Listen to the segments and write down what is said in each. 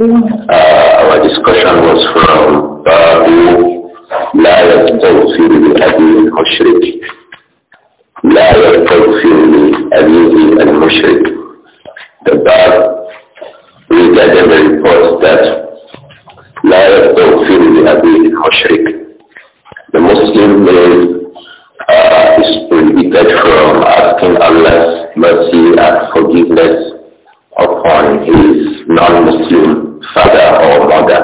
Uh, our discussion was from Babu لا يستغفر لأبيه المشرك لا يستغفر and Mushrik. The bad regarding the report that لا يستغفر لأبيه المشرك The Muslim male uh, is prohibited from asking Allah's mercy and forgiveness upon his non-Muslim father or mother.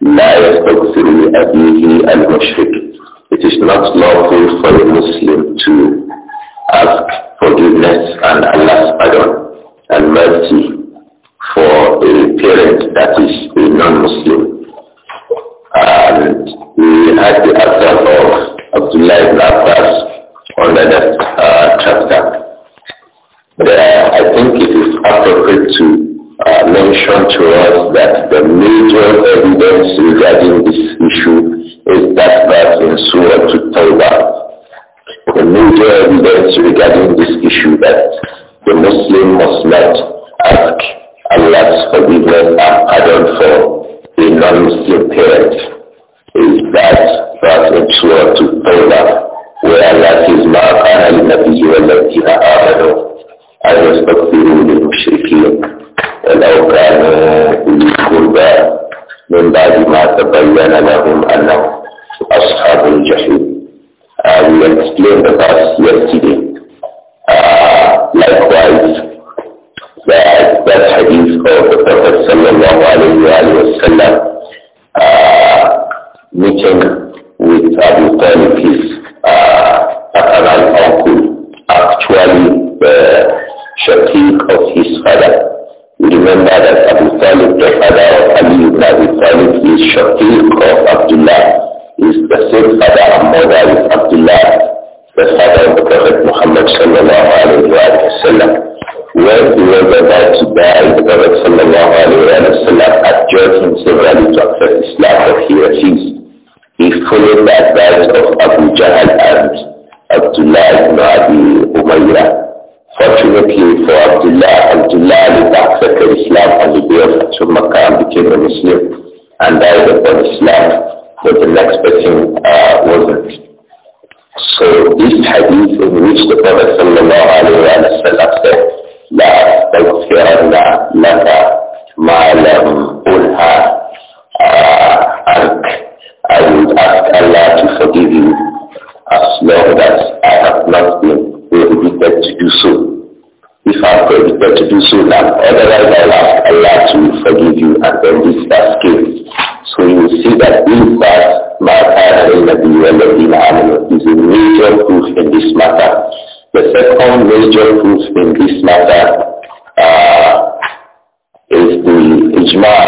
لا يستغفر لأبيه المشرك. It is not lawful for a Muslim to ask forgiveness and Allah's pardon and mercy for a parent that is a non-Muslim. And we had the answer of Abdullah ibn Abbas under that uh, chapter. But, uh, I think it is appropriate to uh, mentioned to us that the major evidence regarding this issue is that verse in Surah Tawbah. The major evidence regarding this issue that the Muslim must not ask Allah's forgiveness and pardon for a non-Muslim parent is that verse in Surah Tawbah where Allah says, مَا كَانَ لِنَبِيِّ وَالَّذِينَ آمَنُوا أَنْ يَسْتَغْفِرُوا لِلْمُشْرِكِينَ ولو كانوا القربى من بعد ما تبين لهم أنهم أصحاب الجحيم Uh, we explained about yesterday. Uh, likewise, that, that hadith of the Prophet sallallahu alayhi wa sallam uh, meeting with Abu Talib, his paternal uncle, actually the shafiq of his father remember that Abu Talib, the father of Ali ibn Abi Talib, is Shaqiq of Abdullah, is the same father and mother of Abdullah, the father of the Prophet Muhammad sallallahu alayhi wa sallam. When he was about to die, the Prophet sallallahu alayhi wa sallam adjured him severally to accept Islam, but he refused. He followed the advice of Abu Jahl and Abdullah ibn Abi Umayyah Fortunately for Abdullah, Abdullah lived accepted Islam and the day of Fatih Makkah and became a Muslim and died upon Islam, but the next person uh, wasn't. So this hadith in which the Prophet sallallahu alayhi wa sallam said, لا أستغفرن لك ما لم أنهى عنك I would ask Allah to forgive you as long as I have not been prohibited to do so if I prefer to do so that Otherwise, I'll ask Allah to forgive you and then this starts So you see that in that matter in the Nabi Amin is a major proof in this matter. The second major proof in this matter uh, is the ijma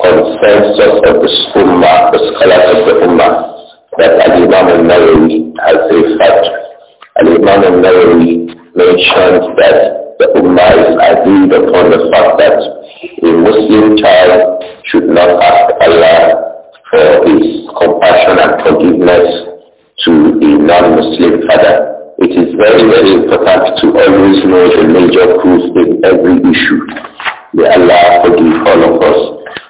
consensus of the Ummah, the scholars of the Ummah, that Al-Imam al-Nawawi has referred to. Al-Imam al-Nawawi mentions that the Ummah is agreed upon the fact that a Muslim child should not ask Allah for his compassion and forgiveness to a non-Muslim father it is very, very important to always know the major proofs in every issue. May Allah forgive all of us,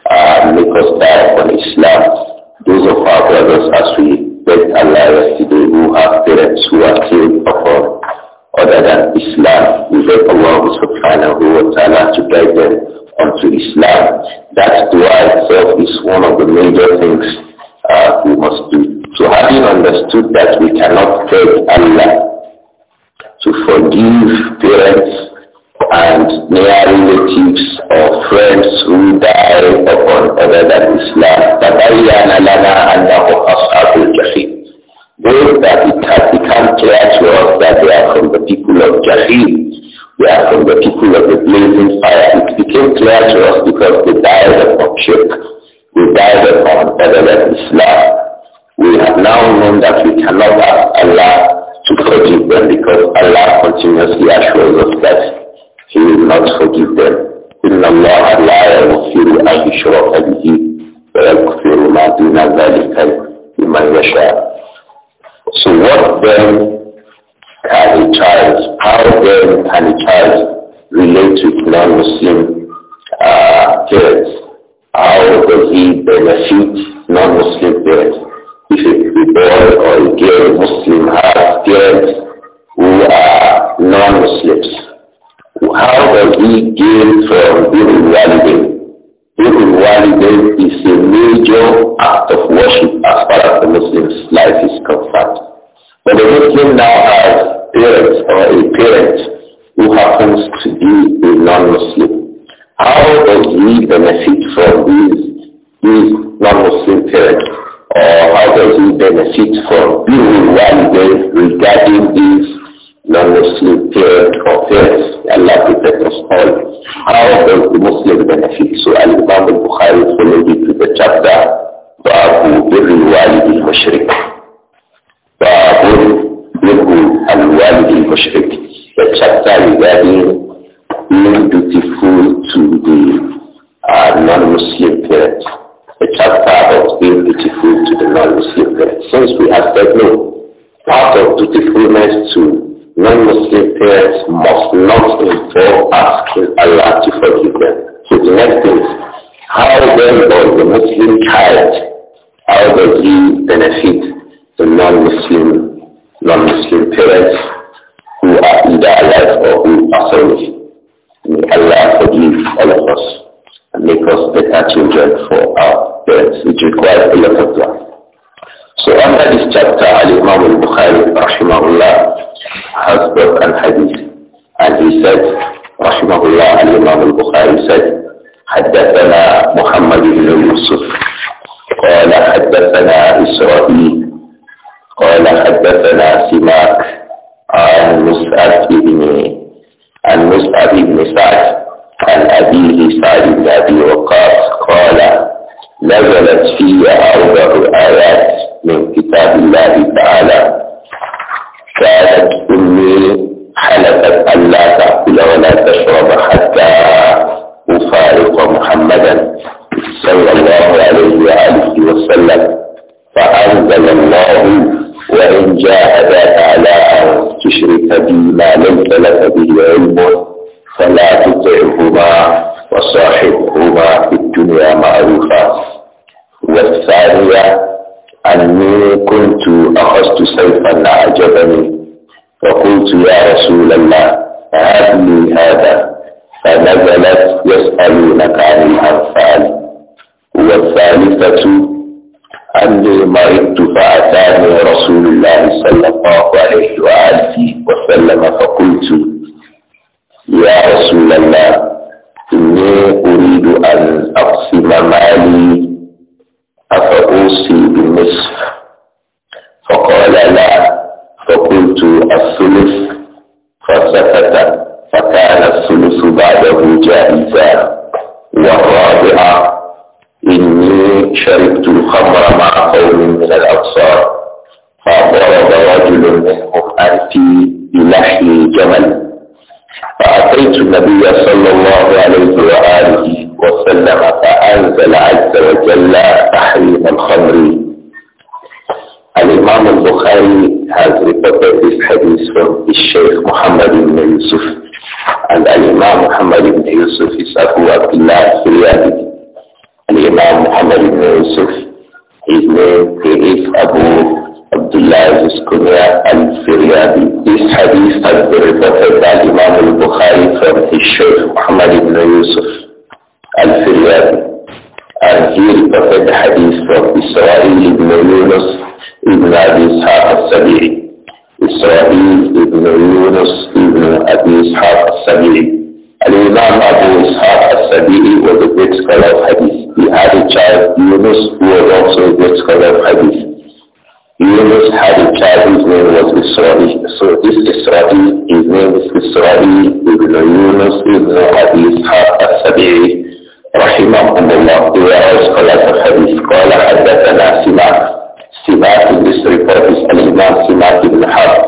uh, make us die on Islam. Those of our brothers as we that Allah yesterday who have parents who are killed upon other than Islam. We beg Allah subhanahu wa ta'ala to guide them onto Islam. That dua itself is one of the major things uh, we must do. So having understood that we cannot beg Allah to forgive parents and near relatives or friends who die upon other than Islam. فَبَيَّنَ لَنَا أَنَّهُ not الْجَحِيمِ Those that it has become clear to us that they are from the people of Jahim, they are from the people of the blazing fire. It became clear to us because they died upon shirk, they died upon other than Islam. We have now known that we cannot ask Allah to forgive them because Allah continuously assures us that he will not forgive them. إن الله لا يغفر أن يشرك به ويغفر ما دون ذلك لمن يشاء. So what then can a child, how then can a child relate to non-Muslim uh, parents? How does he benefit non-Muslim parents? If a boy or a girl Muslim has parents who are non-Muslims, how does he gain from Birul Walidain? Birul Walidain is a major act of worship as far as the Muslim's life is concerned. But the Muslim now has parents or a parent who happens to be a non-Muslim. How does he benefit from these, these non-Muslim parents? Or how does he benefit from Birul Walidain regarding these non-Muslim parent or parents. Allah protect us all. How does the Muslim benefit? So Al-Imam al-Bukhari followed it with the chapter باب بر الوالد المشرك باب بر الوالد المشرك The chapter regarding being dutiful to the uh, non-Muslim parents. The chapter about being dutiful to the non-Muslim parents. Since we have said no, part of dutifulness Allah to forgive them. So the next is, how then does the Muslim child, how does he benefit the non-Muslim, non-Muslim parents who are either alive or who are sorry? May Allah forgive all of us and make us better children for our parents, which requires a lot of love. So under this chapter, Al-Imam al-Bukhari, rahimahullah, has brought an hadith, and he said, رحمه الله الإمام البخاري سيد حدثنا محمد بن يوسف قال حدثنا إسرائيل قال حدثنا سماك عن مسعد بن عن مسعد بن سعد عن أبيه سعد بن أبي وقاص قال نزلت في أربع آيات من كتاب الله تعالى كانت أمي حلفت لا تأكل ولا تشرب حتى أفارق محمدا صلى الله عليه وآله وسلم فأنزل الله وإن جاهداك على أن تشرك بي ما ليس لك به علم فلا تطعهما وصاحبهما في الدنيا معروفا والثانية أني كنت أخذت سيفا أعجبني فقلت يا رسول الله هات لي هذا فنزلت يسألونك عن الأنفال والثالثة أني مرضت فأتاني رسول الله صلى الله عليه وآله وسلم فقلت يا رسول الله إني أريد أن أقسم مالي أفأوصي بالنصف فقال لا إني شربت الخمر مع قوم من الأبصار فضرب رجل منهم أنفي بلحي جمل فأتيت النبي صلى الله عليه وآله وسلم فأنزل عز وجل تحريم الخمر الإمام البخاري has reported this الشيخ from بن يوسف and الإمام محمد بن يوسف يسأل Abu Abdullah Siriyadi الإمام محمد بن يوسف ابن كريف أبو عبد الله الزكريا الفريابي حديث قد رفضه الإمام البخاري فرح الشيخ محمد بن يوسف الفريابي أرجيل قد حديث فرح إسرائيل بن يونس ابن أبي إسحاق السبيعي إسرائيل بن يونس ابن أبي إسحاق السبيعي الإمام أبو إسحاق السبيعي وذكرت قلوب حديث He had a child, Yunus, who was also a great scholar of hadith. Yunus had a child whose name was Israeli. So this Israeli, his name is Israeli ibn Yunus ibn Abi Ishaq al-Sabi'i. Rahimahumullah. They were all scholars of hadith. Qala haddathana Simak. Simak in this report is al-Imam Simak ibn Harb.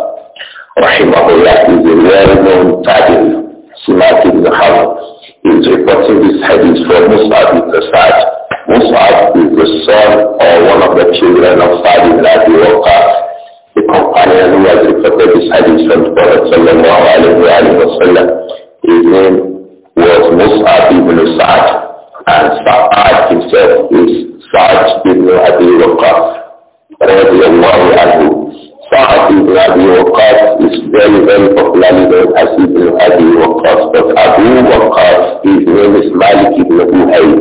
Rahimahullah is a well-known tabi'i. Simak ibn Harb is reporting this hadith from Mus'ab ibn Sa'd. Mus'ab is the son or one of the children of Sa'd ibn Abi the companion who has reported this hadith from the Prophet sallallahu alayhi wa alayhi wa sallam. His name was Mus'ab ibn Sa'd and Sa'ad himself is Sa'd ibn Abi Waqqas radiallahu anhu. Sa'ad ibn Abi Waqqas is very, very popularly known as Ibn Abi Waqqas, but Abu Waqqas, his name is Malik ibn Uhayb.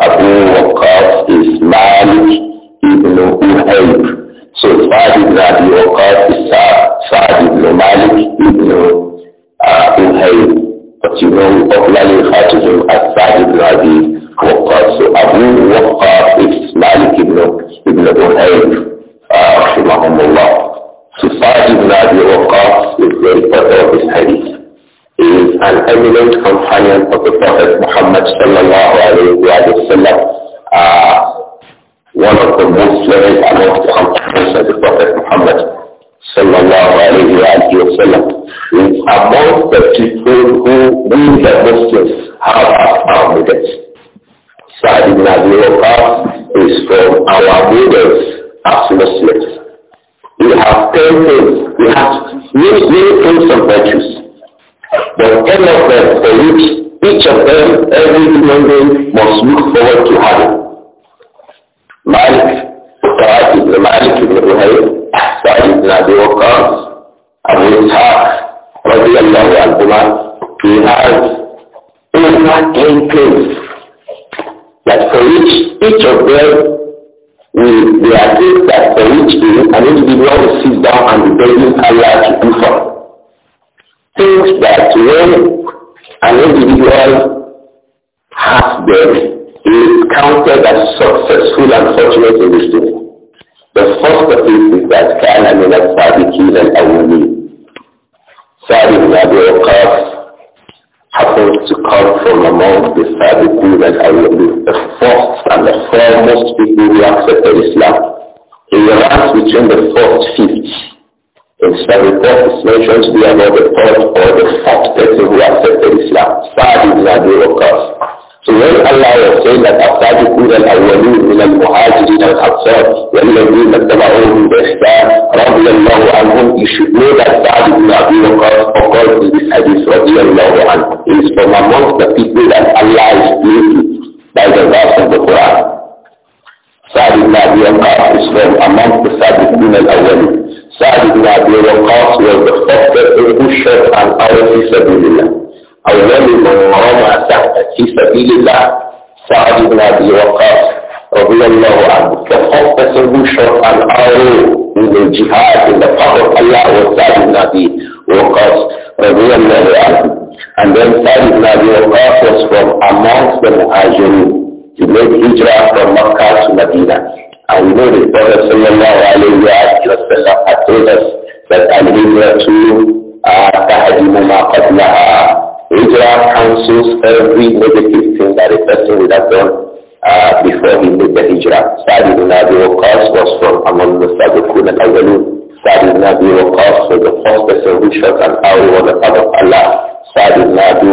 Abu Waqqas is Malik ibn Uhayb. So Sa'ad ibn Abi Waqqas is Sa'ad ibn Malik ibn uh, Uhayb. But you know, popularly refer to him as Sa'ad ibn Abi Waqqas. So Abu Waqqas is Malik ibn, ibn Uhayb. رحمهم الله Sufar ibn Abi Waqqas is the reporter of this hadith. He is an eminent companion of the Prophet Muhammad sallallahu alayhi wa sallam, uh, one of the most learned among the companions of the Prophet Muhammad sallallahu alayhi wa sallam. He is among the people who we the Muslims have as our models. Sa'd ibn Abi Waqqas is from our models as Muslims. We have ten things. We have many, many things and virtues. But ten of them for which each of them, every human being must look forward to having. Malik, Tarat ibn Malik ibn Ruhayl, Sa'id ibn Abi Waqqas, Abu Ishaq, radiyallahu anhuma, he has over ten things that for which each of them we we are things that for which an individual will sit down and be begging to do for. Things that when an individual has them, is counted as successful and fortunate in this day. The first of is that كان and الصادقين الأولين. سعد بن أبي وقاص happens to come from among the Sadiqun and be the first and the foremost people who accepted Islam. He ranks between the fourth fifth. In some reports, it's mentioned to be among the third or the fourth person who accepted Islam. Sa'd ibn Abi so when Allah was saying that السابقون الأولون من المهاجرين والأنصار والذين اتبعوهم بإحسان رضي الله عنهم you the know that Sa'd ibn Abi Waqqas occurred in this hadith رضي الله عنه. He is from amongst the people that Allah is pleased by the verse of the Quran. Sa'd ibn Abi Waqqas is from amongst the Sabiqun al-Awwalin. Sa'd ibn Abi Waqqas was the first person who shot and Arabi Sabilillah. أول من رمى في سبيل الله سعد بن أبي وقاص رضي الله عنه the first person who shot an arrow in the jihad in the path of Allah was Sa'd Waqas رضي الله عنه and then Sa'd ibn Abi Waqas was from amongst the Muhajirun he made hijrah from Makkah to Medina and you know the Prophet sallallahu alayhi wa sallam had told us that al-hijrah to uh, تهدم Hijrah cancels every negative thing that a person would have done uh, before he made the hijrah. sa ibn Abi was from among the Sabiqun al-Awwalun. sa ibn Abi was the first person who shot an arrow on the path of Allah. sa ibn Abi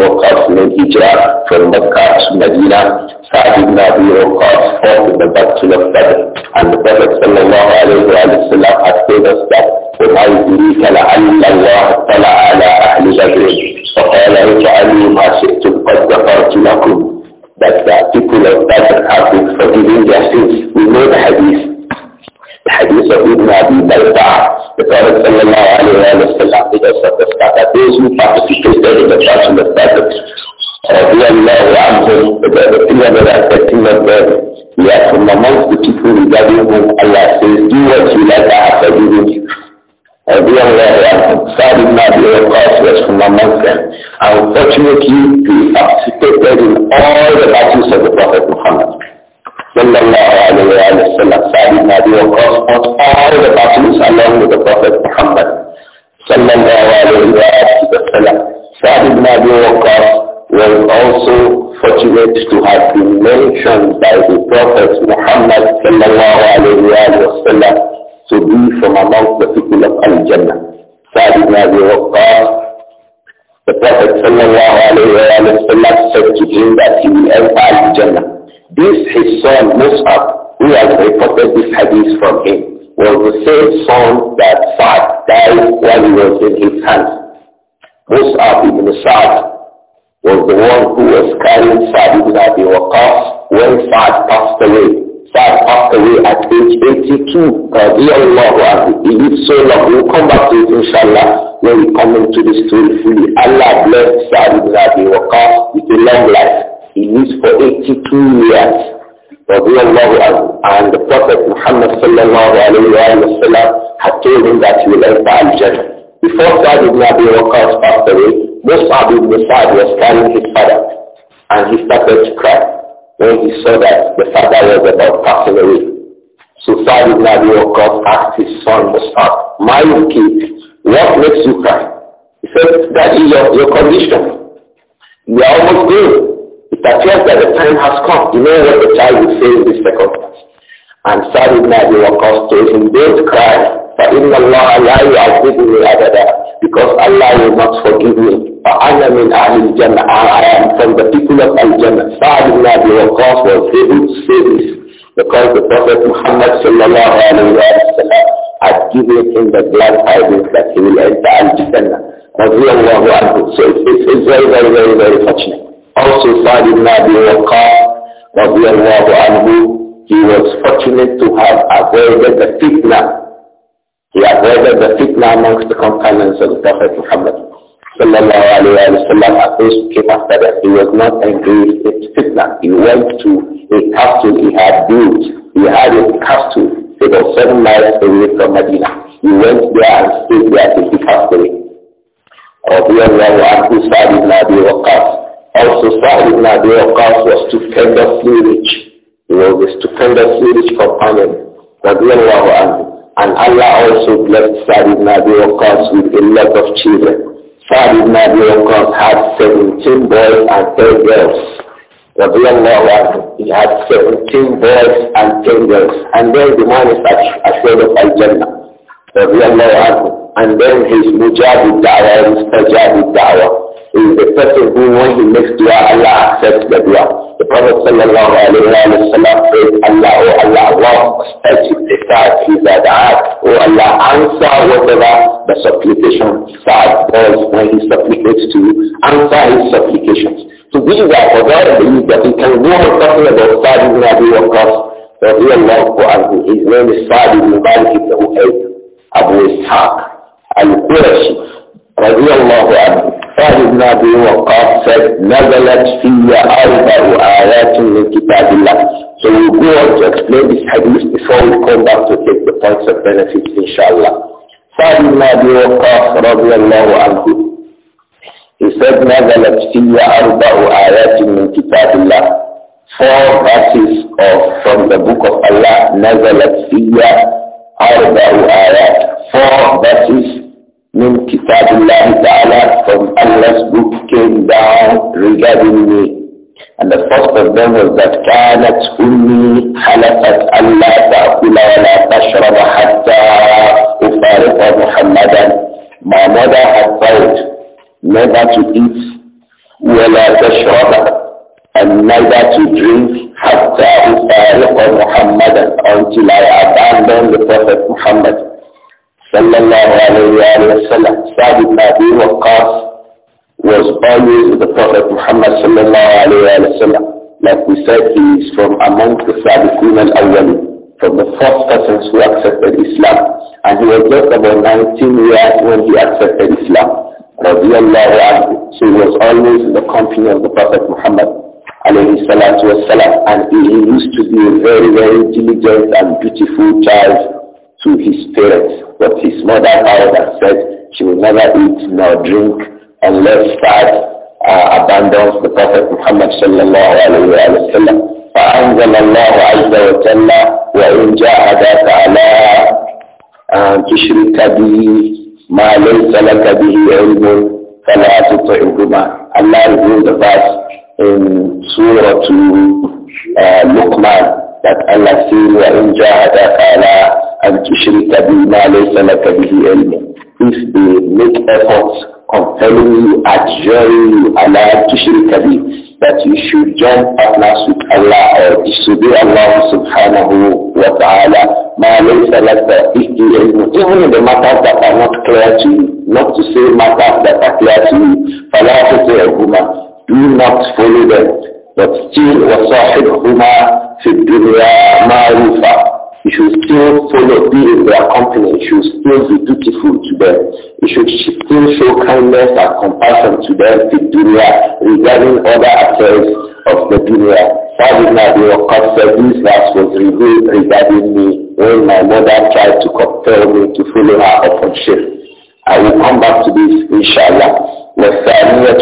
made hijrah from Mecca to Medina. sa ibn Abi Waqqas fought in the Battle of Badr. And the Prophet sallallahu alayhi wa sallam had told us that وَمَا يُدْرِيكَ لَعَلَّ اللَّهَ عَلَىٰ أَهْلِ فقال اجعلوا ما شئتم قد غفرت لكم that the people of Badr have been forgiving their sins. We know the hadith. The hadith of Ibn Abi Balta, the Prophet sallallahu alayhi wa sallam, it was of that those who participated in the fashion of Badr, radiallahu anhum, the 313 of them, we are from amongst the people regarding whom Allah says, do what you like, I have forgiven you. رضي الله عنه سعد بن أبي وقاص was from among them and fortunately he participated in all the battles of the Prophet Muhammad Sallallahu alayhi عليه وآله وسلم سعد بن أبي وقاص fought all the battles along with the Prophet Muhammad Sallallahu alayhi عليه وآله وسلم سعد بن was also fortunate to have been mentioned by the Prophet Muhammad Sallallahu alayhi عليه to be from amongst the people of Al-Jannah. Sa'd ibn Abi Waqqas, the Prophet sallallahu said to him that he will enter Al-Jannah. This his son Mus'ab, who has reported this hadith from him, was the same son that Fat died while he was in his hands. Mus'ab ibn Sa'd was the one who was carrying Sa'd ibn Abi Waqqas when sa passed away. Saad passed away at age 82. Radiallahu anhu. He lived so long. We'll come back to it inshallah when we come into the story fully. Allah bless Saad ibn Abi Waqqas with a long life. He lived for 82 years. Radiallahu anhu. And the Prophet Muhammad sallallahu alayhi wa sallam had told him that he will enter Al-Jannah. Before Saad ibn Abi Waqqas passed away, Mus'ab ibn Sa'd was carrying his father and he started to cry when he saw that the father was about passing away. So Sa'd ibn asked his son Mus'ab, my kid, what makes you cry? He said, that is your, your condition. You are almost dead. It appears that the time has come. You know what the child will say in this circumstance. And Sa'd ibn Abi Waqqas told him, don't cry. فإن الله لا يعذبني أبدا because Allah will not forgive me. am in أَهْلِ الْجَنَّةِ I am from the people of Al-Jannah. Sa'ad ibn Abi Waqqas was able to say this because the Prophet Muhammad sallallahu alayhi wa sallam had given him the glad tidings that he will enter Al-Jannah. Radiallahu anhu. So it's, it's, it's very, very, very, very fortunate. Also Sa'ad ibn Abi Waqqas radiallahu anhu, he was fortunate to have avoided the fitna he avoided the fitna amongst the companions of the Prophet Muhammad. Sallallahu alayhi wa sallam at least came after that. He was not engaged in fitna. He went to a castle he had built. He had a castle about seven miles away from Medina. He went there and stayed there till he passed away. Radiallahu anhu Sa'd ibn Abi Waqqas. Also Sa'd ibn Abi Waqqas was stupendously rich. He was a stupendously rich companion. Radiallahu anhu. And Allah also blessed Sa'd ibn Abi Waqqas with a lot of children. Sa'd ibn Abi Waqqas had 17 boys and 10 girls. He had 17 boys and 10 girls. And then the man is son of Al-Jannah. And then his mujahid da'wah, his tajahid da'wah is the person who when he makes dua, Allah accepts the dua. The Prophet sallallahu alayhi wa sallam says, Allah, oh Allah, Allah, accept Sa'ad his da'at, oh Allah, answer whatever the supplication Sa'ad does when he supplicates to you, answer his supplications. So we are for God believe that he can go on talking about Sa'ad ibn Abi Waqqas, radiallahu anhu. His name is Sa'ad ibn Malik ibn Uqayd, Abu Ishaq, al-Qurashi, radiallahu anhu said, نَزَلَتْ فِيَّ أَرْبَعُ آيَاتٍ مِنْ كِتَابِ اللَّهِ So we'll go on to explain this hadith before we come back to take the points of benefit, inshallah. Sa'd رضي الله عنه He said, نَزَلَتْ فِيَّ أَرْبَعُ آيَاتٍ مِنْ كِتَابِ اللَّهِ Four verses of, from the book of Allah, نَزَلَتْ فِيَّ أَرْبَعُ آيَاتٍ Four verses من كتاب الله تعالى from Allah's book came down regarding me. And the first of them was that كانت أمي حلفت ألا تأكل ولا تشرب حتى أفارق محمدا. My mother had vowed never to eat ولا تشرب and neither to drink حتى أفارق محمدا until I abandon the Prophet Muhammad. صلى الله عليه وآله وسلم Sa'd ibn was always with the Prophet Muhammad sallallahu alayhi wa sallam. Like we said, he is from among the Sadiqun al from the first persons who accepted Islam. And he was just about 19 years when he accepted Islam. Radiallahu anhu. So he was always in the company of the Prophet Muhammad alayhi salatu wasalam. And he used to be a very, very diligent and beautiful child to his parents. But his mother vowed said she will never eat nor drink unless Saad uh, abandons the Prophet Muhammad sallallahu alayhi wa sallam. فأنزل الله عز وجل وإن جاهداك على أن تشرك به ما ليس لك به علم فلا تطعهما. Allah revealed the verse in Surah uh, that Allah says وإن على and أن تشرك بما ليس لك به علم if they make efforts compelling you, adjuring you, Allah to shirk that you should join partners with Allah or disobey Allah subhanahu wa ta'ala, ma laysa laka even in the matters that are not clear to you, not to say matters that are clear to you, فَلَا تُطِعْهُمَا Do not follow them, but still وَصَاحِبْهُمَا فِي dunya مَعْرُوفًا you should still follow, be in their company. You should still be dutiful to them. You should still show kindness and compassion to them The dunya regarding other affairs of the dunya. Sa'd ibn Abi Waqqas said this last was revealed regarding me when my mother tried to compel me to follow her upon ship. I will come back to this inshallah. house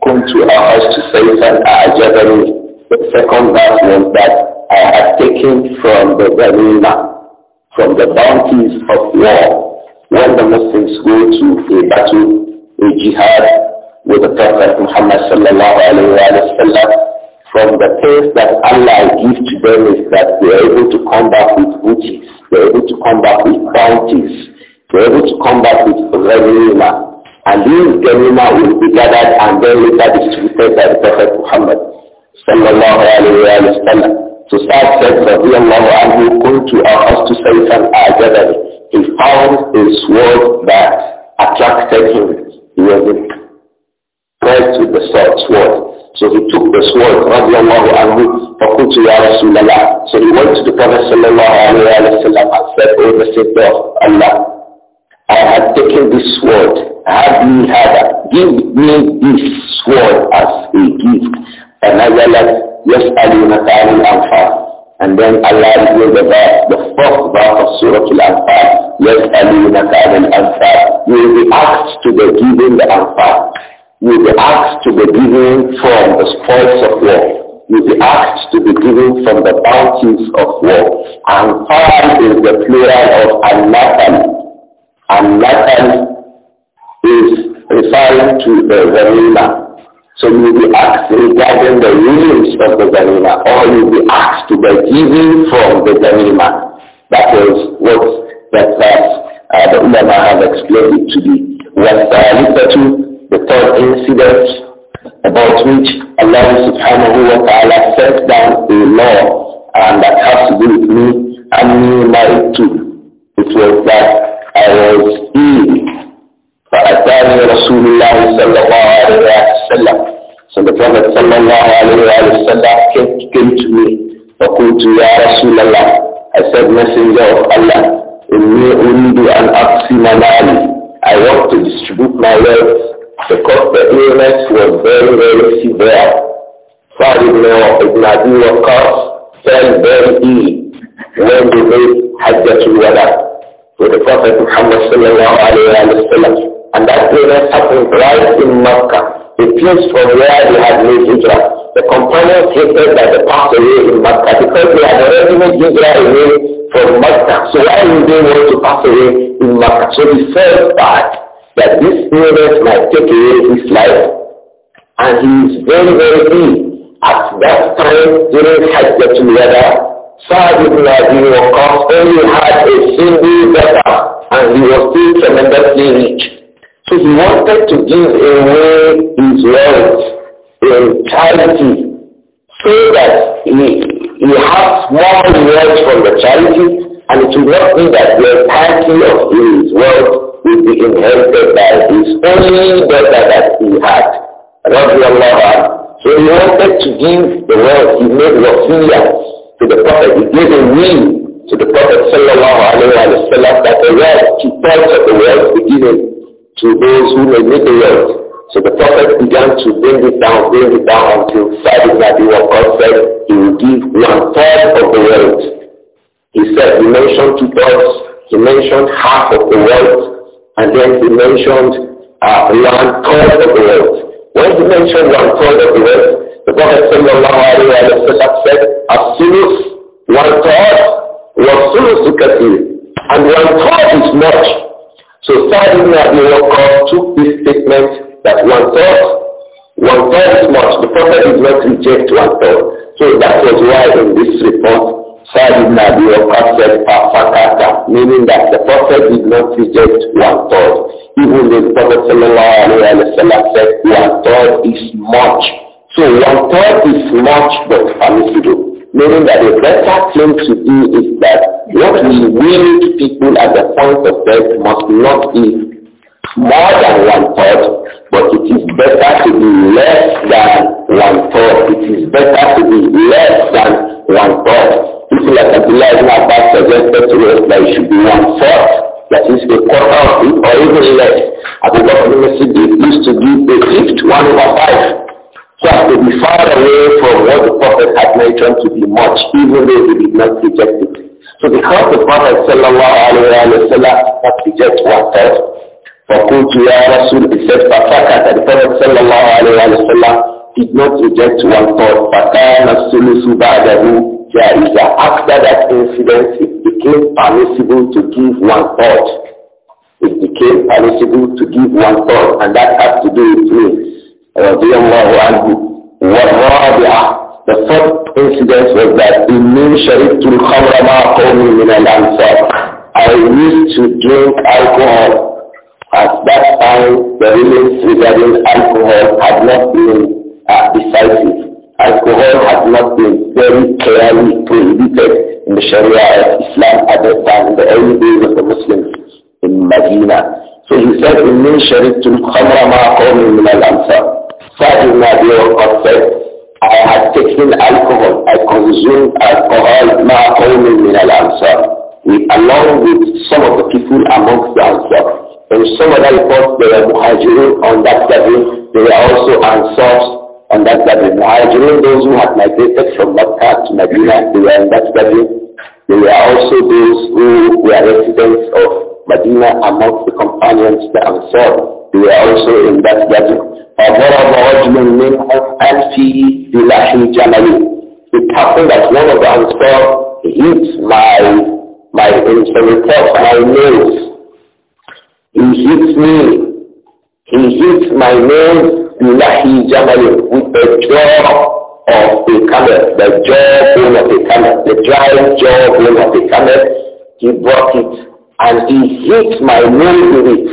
to say أخذت سيفا أعجبني. The second verse was that I taken from the Ghanima, from the bounties of war, when the Muslims go to a battle, a jihad with the Prophet Muhammad sallallahu alayhi wa from the things that Allah gives to them is that they are able to come back with booty, they are able to come back with bounties, they are able to come back with ghanima. And these ghanima will be gathered and then later distributed by the Prophet Muhammad sallallahu alayhi wa sallam. So Sa'd said, radiallahu anhu, kuntu to sayfan a'jabani. He found a sword that attracted him. He was impressed with the sword. sword. So he took the sword, radiallahu anhu, فَقُلْتُ يَا رَسُولَ اللَّهِ So he went to the Prophet sallallahu Alaihi Wasallam sallam and said, O Messenger of Allah, I have taken this sword. Have me had Give me this sword as a gift. And I realized يسألونك عن الأنفال and then Allah revealed the verse, the fourth verse of Surah Al-Anfal, يَسْأَلُونَكَ عَنِ الْأَنْفَالِ You will be asked to be given the Anfal. You will be asked to be given from the spoils of war. You will be asked to be given from the bounties of war. Anfal is the plural of Anfal. Anfal is referring to the vanilla so you will be asked regarding the rulings of the Zanima, or you will be asked to be giving from the Zanima. That is what that verse, uh, the Ulama have explained it to be. What uh, to the third incident about which Allah subhanahu wa ta'ala set down a law and that has to do with me and me married too. It was that I was ill فأتاني رسول الله صلى الله عليه وسلم So the Prophet صلى الله عليه وسلم came, to me فقلت يا رسول الله I said messenger of Allah إني أريد أن أقسم مالي I want to distribute my wealth because the illness was very, very severe. Sa'd ibn Abi Waqqas fell very ill when they made Hajjatul Wada. So the Prophet Muhammad sallallahu and that prayer happened right in Mecca, the place from where they had made Hijrah. The companions hated that they passed away in Mecca because they had already made Israel away from Mecca. So why would they want to pass away in Mecca? So he felt bad that this illness might take away his life. And he is very, very ill. At that time, during Hajj together, Sa'd ibn Abi Waqqas only had a single daughter and he was still tremendously rich. He wanted to give away his wealth the charity so that he, he has more reward from the charity and it will not be that the entirety of his wealth will be inherited by his only daughter that he had. So he wanted to give the wealth, he made wasiyah to the Prophet, he gave a will to the Prophet sallallahu alayhi Wasallam that the wealth, two-thirds of the wealth be given to those who may make a world, So the prophet began to bring it down, bring it down until Sadiq Nabi Waqqas said he will give one third of the world. He said, he mentioned two thirds, he mentioned half of the world, and then he mentioned uh, one third of the world. When he mentioned one third of the world, the Prophet sallallahu alayhi wa sallam said, As-sulus, one third, was sulus and one third is much. So Sa'd ibn took this statement that one thought, one thought is much. The Prophet did not reject one thought. So that was why in this report, Sa'd ibn Abi Waqqas said Fakata, meaning that the Prophet did not reject one thought. Even the Prophet said one thought is much. So one thought is much but permissible meaning that the better thing to do is that what we will to people at the point of death must not be more than one thought, but it is better to be less than one thought. It is better to be less than one thought. People like Abdullah ibn Abbas suggested to us that it should be one thought, that is a quarter of it, or even less. Abu Bakr ibn Siddiq used to give a fifth one over five so as to be far away from what the Prophet had mentioned to be much, even though he did not reject it. So because the Prophet sallallahu alayhi wa sallam had rejected one third, فَقُلْتُ يَا رَسُولِ He said, فَفَكَتَ The Prophet sallallahu alayhi wa did not reject one one third, فَكَانَ السُّلُسُ بَعْدَهُ جَائِزًا After that incident, it became permissible to give one thought. It became permissible to give one thought, and that has to do with means. رضي الله عنه والرابعة The fourth incident was that إني شربت الخمر مع قوم من الأنصار I used to drink alcohol At that time, the rulings regarding alcohol had not been uh, decisive. Alcohol had not been very clearly prohibited in the Sharia of Islam at that time, in the early days of the Muslims in Medina. So he said, إِنِّي شَرِبْتُ الْخَمْرَ مَا قَوْمٍ مِنَ الْأَنْصَارِ that is my real concept. I had taken alcohol. I consumed alcohol ma'aqawmin min answer, ansar Along with some of the people amongst the answer, and some other reports, there were muhajirun on that gathering. There were also ansars on that gathering. Muhajirun, those who had migrated from Makkah to Medina, they were in that gathering. There were also those who were residents of Medina amongst the companions, the ansar. They were also in that gathering. فضرب رجل منهم أنفي بلحم جمله It happened that one of the Ansar hit my, my insulators, my nose. He hits me. He hits my nose, bilahi jamalin with the jaw of the camel, the jawbone of the camel, the giant jawbone of the camel. He brought it and he hit my nose with it.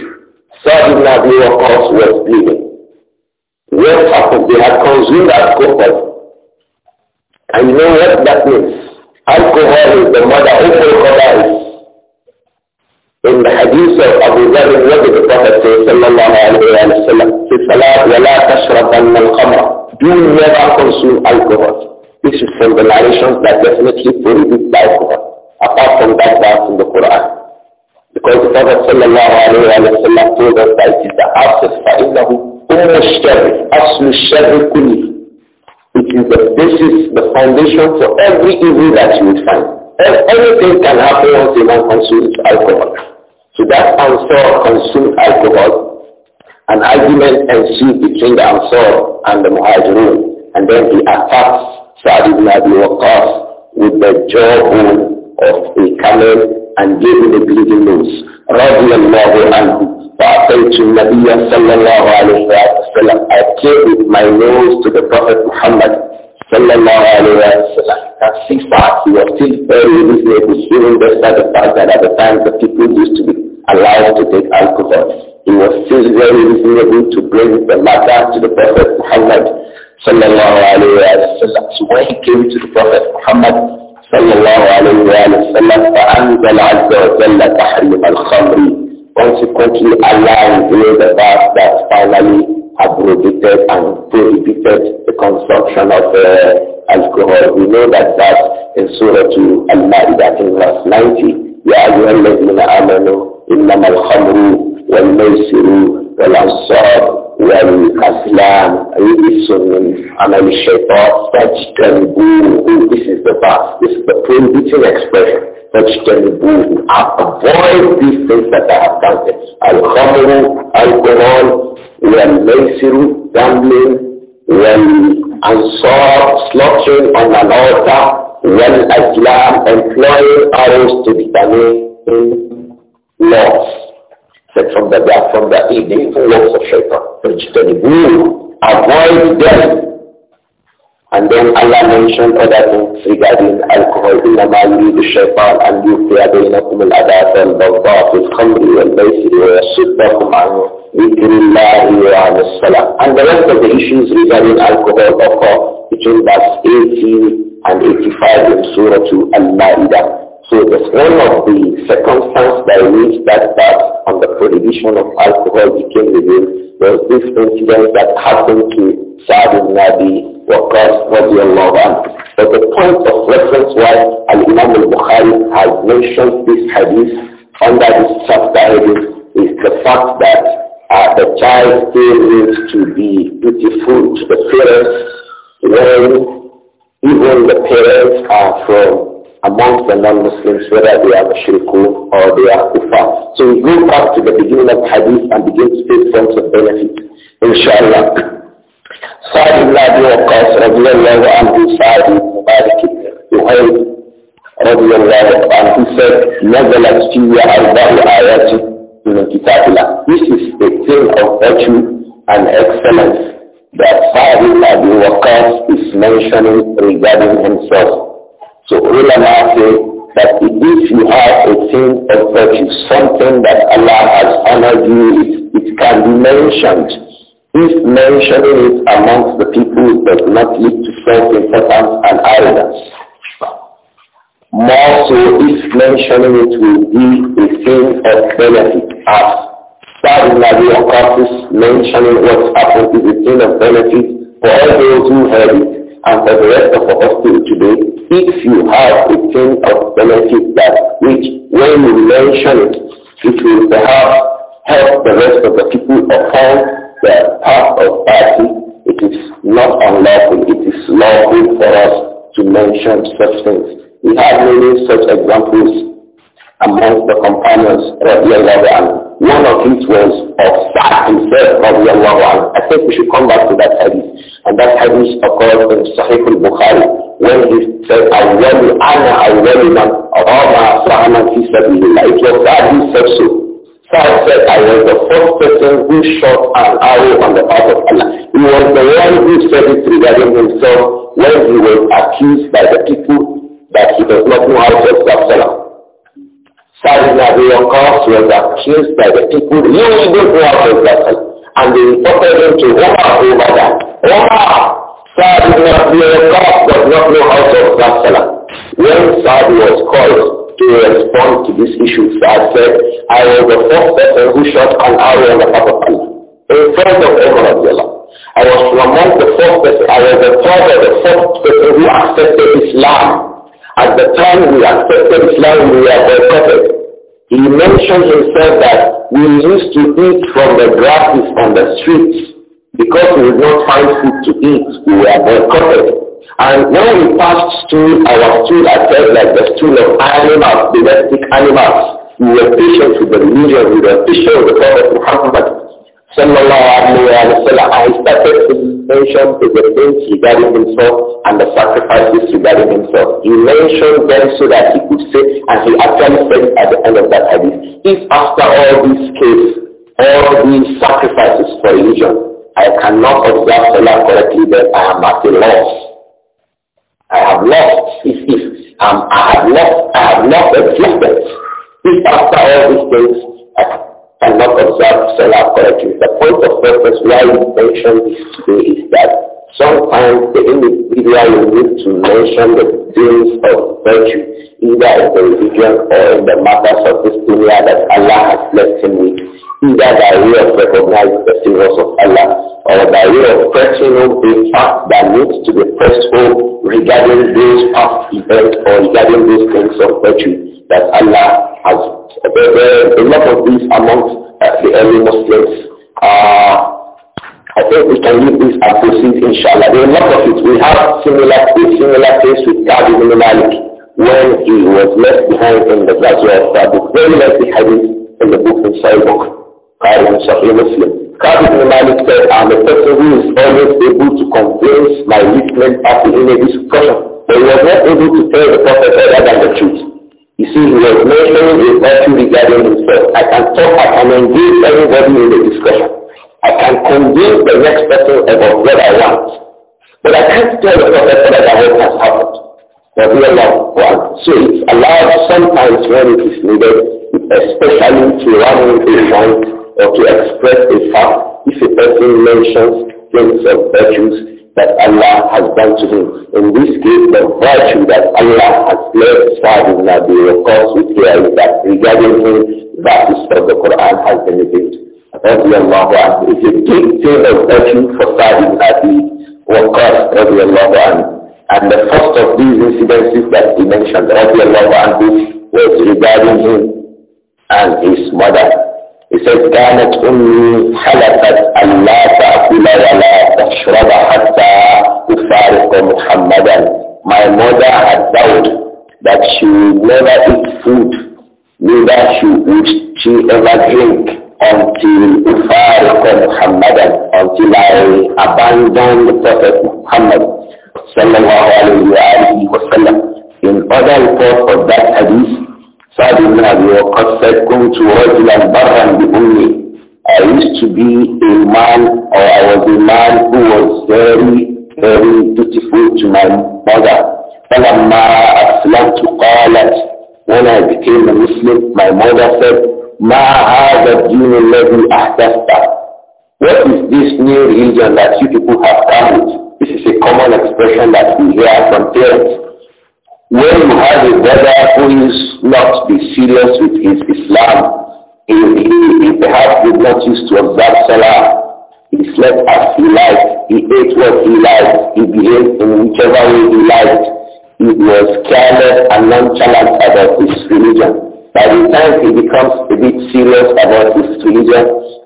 Suddenly, of course, was bleeding. What happened? They had consumed alcohol. And you know what that means? Alcohol is the mother of all commodities. In the hadith of Abu Dhar, what did the Prophet say, sallallahu alayhi wa sallam, في الصلاة ولا تشربن الخمر. Do never consume alcohol. This is from the narrations that definitely prohibit alcohol, apart from that verse in the Quran. Because the Prophet sallallahu alayhi wa sallam told us that it is the absence فإنه هو الشر أصل الشر كله It is the basis, the foundation for every evil that you would find. And anything can happen once a man consumes alcohol. So that answer consumed alcohol. An argument ensued between the answer and the Muhajirun. And then he attacks Sa'd ibn Abi Waqqas with the jawbone of a camel and gave him a bleeding nose. رضي الله عنه فأتيت النبي صلى الله عليه وسلم I came with my nose to the Prophet Muhammad صلى الله عليه وسلم At six hours he was still very reasonable even despite the fact that at the time the people used to be allowed to take alcohol. He was still very reasonable to bring the matter to the Prophet Muhammad صلى الله عليه وسلم So when he came to the Prophet Muhammad صلى الله عليه وسلم فأنزل عز وجل تحريم الخمر Consequently, Allah revealed the verse that finally prohibited and prohibited the consumption of uh, alcohol. We know that that in Surah Al-Ma'idah in verse 90, يَا أَيُّهَا الَّذِينَ آمَنُوا إِنَّمَا الْخَمْرُ وَالْمَيْسِرُ وَالْأَنصَارُ وَالْأَسْلَامُ رِجْسٌ مِنْ عَمَلِ الشَّيْطَانِ فَاجْتَنِبُوهُ This is the verse. This is the prohibiting expression. فاجتنبوه avoid these things that I have counted الخمر alcohol والميسر gambling والأنصار slaughtering on an altar والأجلام employing arrows to determine laws said from the from the evening works of shaitan فاجتنبوه avoid them and then Allah mentioned other things regarding alcohol. إِنَّمَا the الشَّيْطَانُ أَنْ the بَيْنَكُمُ الْعَدَاةَ وَالْبَغْضَاءَ فِي the وَالْمَيْسِرِ وَيَصُدَّكُمْ عَنْ ذِكْرِ اللَّهِ وَعَنِ الصَّلَاةِ And the rest of the issues regarding alcohol occur between verse 18 and 85 in Surah Al-Ma'idah. So the one of the circumstances by which that verse on the prohibition of alcohol became revealed was this incident that happened to Saad ibn Abi Waqas radiallahu anhu. But the point of reference why Al-Imam al-Bukhari has mentioned this hadith under this chapter heading is the fact that uh, the child still needs to be dutiful to the parents when even the parents are from amongst the non-Muslims, whether they are mushrikun or they are kuffar. So we go back to the beginning of hadith and begin to take forms of benefit. Inshallah. Sa'd ibn Abi Waqqas radiyallahu anhu, Sa'd ibn Malik Suhaib radiyallahu anhu said, نزلت في أربع آيات من كتاب This is a thing of virtue and excellence that Sa'd ibn Abi Waqqas is mentioning regarding himself. So ulama say that if you have a thing of virtue, something that Allah has honored you, it, it can be mentioned. If mentioning it amongst the people does not lead to self-importance and arrogance. More so if mentioning it will be a thing of benefit as Sa'id Nabi Waqafis mentioning what happened is a thing of benefit for all those who heard it and for the rest of us till today if you have a thing of benefit that which when you mention it, it will perhaps help the rest of the people upon the path of party. it is not unlawful, it is lawful for us to mention such things. We have many such examples amongst the companions, of and one of it was of Sa'd himself, I think we should come back to that hadith. And that hadith occurs in Sahih al-Bukhari when he said, I will, Anna, I will, Rama, Sahana, he said, it was God who said so. So I said, I was the first person who shot an arrow on the path of Allah. He was the one who said it regarding himself when he was accused by the people that he does not know how to observe Salah. Saul ibn Abi Waqqas was accused by the people, you don't know how to observe Salah. And they reported him to Omar over that. Omar, Sa'd ibn Abi Waqqas does not know how to observe Salah. When sa was called to respond to this issue, sa said, I was the first person who shot an arrow in the path of Allah, in front of Umar Abdullah. I was among the first person, I was the third or the fourth person who accepted Islam. At the time we accepted Islam, we were boycotted. He mentioned himself that we used to eat from the grasses on the streets because we did not find food to eat, we were boycotted. And when we passed through our stool felt like the stool of animals, domestic animals, we were patient with the religion, we were patient with the Prophet Muhammad. Sallallahu wa sallam. I started to mention to the things regarding himself and the sacrifices regarding himself. He mentioned them so that he could say, and he actually said at the end of that hadith, if after all these cases, all these sacrifices for religion, I cannot observe Salah correctly, then I am at a loss. I have lost. If, if um, I have lost, I have lost existence. If after all these things, I cannot observe Salah correctly. The point of purpose why we mention this today is that sometimes the individual will need to mention the things of virtue, either in the religion or in the matters of this dunya that Allah has blessed him with either by way of recognizing the favors of Allah or by way of pressing home a fact that needs to be pressed home regarding those past events or regarding those things of virtue that Allah has. There are a lot of these amongst uh, the early Muslims. Uh, I think we can use this and proceed inshallah. There are a lot of it. We have similar, a similar case with Ka'b ibn Malik when he was left behind in the Ghazwa of Tabuk. Very the hadith in the book in Sahih in Sahih Muslim. Khalid bin Malik said, I'm a person who is always able to convince my listening after in a discussion. But he was not able to tell the prophet other than the truth. You see, he was mentioning a virtue regarding himself. I can talk, I can engage everybody in the discussion. I can convince the next person about what I want. But I can't tell the prophet other than what has happened. But we are not one. So it's allowed sometimes when it is needed, especially to run into a point or to express a fact if a person mentions things of virtues that Allah has done to him. In this case, the virtue that Allah has blessed sa in ibn Abi Waqqas with here is that regarding him, that is what the Quran has been revealed. Radiallahu anhu. is a big thing of virtue for sa in ibn Abi Waqqas, radiallahu And the first of these incidences that he mentioned, radiallahu anhu, was regarding him and his mother. He said, كانت أمي حلفت تأكل ولا تشرب حتى تفارق محمدا. My mother had vowed that she would never eat food, neither she would she ever drink until أفارق محمدا, until I abandon the Prophet Muhammad صلى الله عليه وآله وسلم. In other reports of that hadith, Sa'd ibn Abi Waqqas said, Kuntu rajulan barran the only." I used to be a man, or I was a man who was very, very dutiful to my mother. فلما أسلمت قالت when I became a Muslim, my mother said, ما هذا الدين الذي أحدثته? What is this new religion that you people have come with? This is a common expression that we hear from parents. When you have a brother who is not be serious with his Islam. He, he, he perhaps did not used to observe Salah. He slept as he liked. He ate what he liked. He behaved in whichever way he liked. He was careless and nonchalant about his religion. By the time he becomes a bit serious about his religion,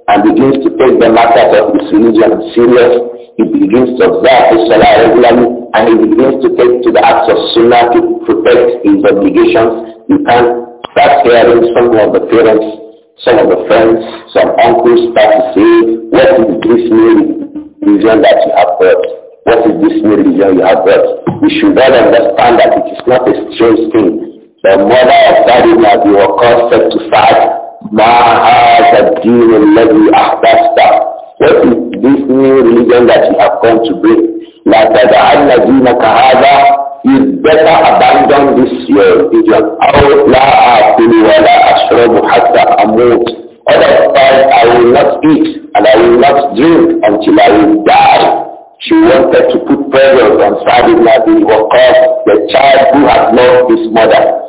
and begins to take the matters of his religion serious, he begins to observe his salah regularly and he begins to take to the acts of sunnah to protect his obligations, you can start hearing some of the parents, some of the friends, some uncles start to say, what is this new religion that you have got? What is this new religion you have got?" We should all understand that it is not a strange thing. The mother of Sadi Nabi Waqqas said to fight ما هذا الدين الذي أحدثته What is this new religion that you have come to bring? لا تدعن دينك هذا You better abandon this your religion. أو لا آكل ولا أشرب حتى أموت. Otherwise I will not eat and I will not drink until I will die. She wanted to put pressure on Sadi Nabi Waqas, the child who had lost his mother.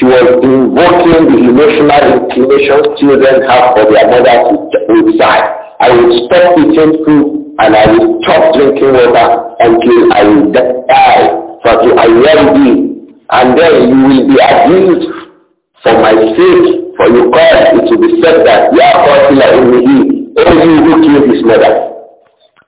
She was invoking the emotional inclinations children have for their mother inside. I will stop eating food and I will stop drinking water until I will die. For I will be. And then you will be abused for my sake. For you cause it to be said that you are popular in the Only you who killed his mother.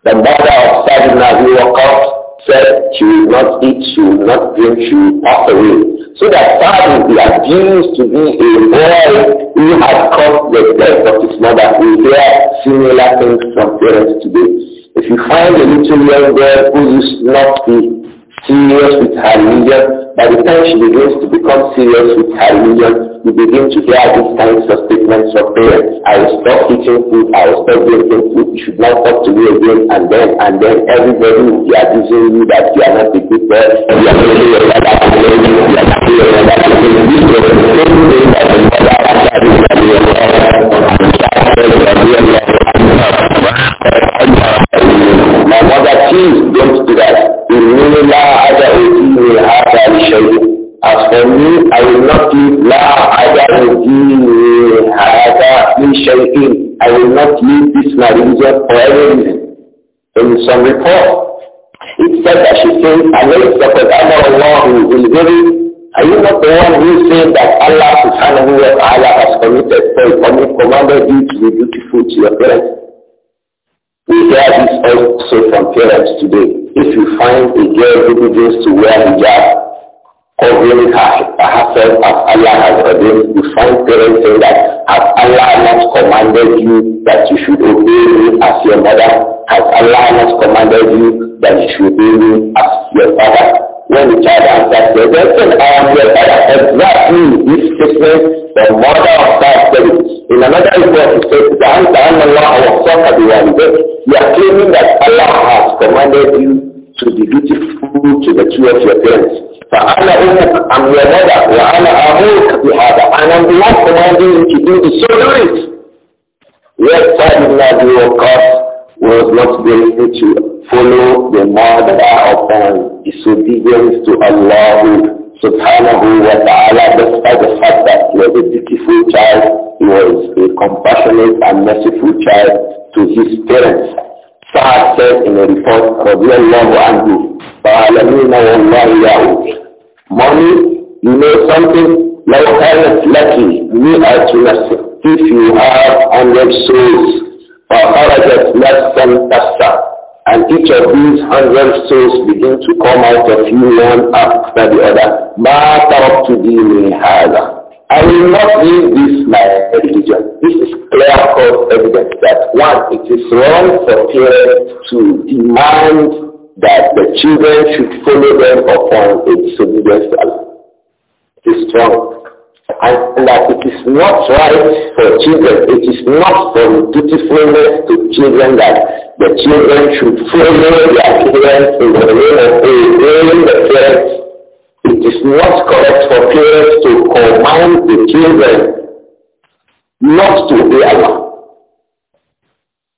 The mother of Sadina who woke up said she will not eat, she will not drink, she will pass away. So that child will be abused to be a boy who has caused the death of his mother. We hear similar things from parents today. If you find a little young girl who is not the serious with her religion. By the time she begins to become serious with her religion, you begin to hear these kinds of statements from parents. I will stop eating food, I will stop drinking food, you should not talk to me again, and then, and then everybody will be accusing you that you are not a good person, you are not you are not your mother, you are you are not Please don't do that. إِنِّي لَا أَدَعُدِينِ هَذَا لِشَيْءٍ As for me, I will not leave لَا أَدَعُدِينِ هَذَا لِشَيْءٍ I will not leave this my religion for any reason. In some report, it said that she said, Allah Prophet Allah will give are you not the one who said that Allah subhanahu wa ta'ala has committed, so commanded you to be beautiful to your parents? We hear this also from parents today. If you find a girl who begins to wear hijab, covering her, herself as Allah has ordained, you find parents saying that, has Allah not commanded you that you should obey me as your mother? Has Allah not commanded you that you should obey me as your father? when the child has that suggestion of the father. Exactly this statement, the mother of that service. In another report, it says, Ta'an ta'an Allah wa saka biwalidek. You are claiming that Allah has commanded you to be beautiful to the two of your parents. فأنا أمك أم your وأنا أموك بهذا. And I'm the one commanding you to do this. So do it. Yes, Sa'id ibn Abi Waqqas was not going to follow the mother of parents disobedience to Allah subhanahu wa ta'ala despite the fact that he was a dutiful child, he was a compassionate and merciful child to his parents. Sa'ad said in a report, radiallahu anhu, فَعَلَمِينَ وَاللَّهِ يَعُودِ Mommy, you know something? لَوْ lucky we are to If you have 100 souls, فَخَرَجَتْ نَفْسًا تَفْسًا and each of these hundred souls begin to come out of you one after the other. Ma to hada. I will not leave this my religion. This is clear cut evidence that one, it is wrong for parents to demand that the children should follow them upon a disobedient to Allah. It is wrong. And that it is not right for children, it is not from dutifulness to children that the children should follow their parents in the way of obeying the parents. It is not correct for parents to command the children not to obey Allah.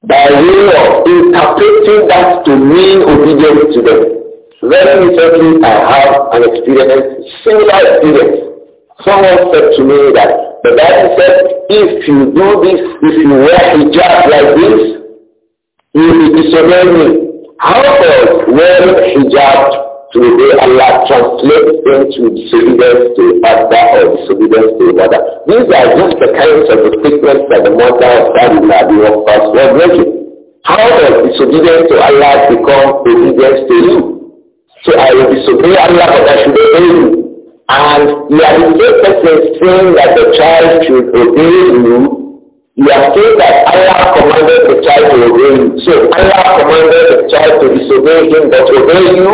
By way of interpreting that to mean obedience to them. Very recently I have an experience, similar experience. Someone said to me that the Bible said, if you do this, if you wear hijab like this, in disobedience, How does well hijabed today Allah translate them to disobedience to father or disobedience to mother? These are just the kinds of statements that the mother of Sadi Nabi Waqqas was making. How does disobedience to Allah become obedience to you? So I will disobey Allah but I should obey you. And you are the same that the child should obey you you are said that Allah commanded the child to obey you. So Allah commanded the child to disobey him but obey you.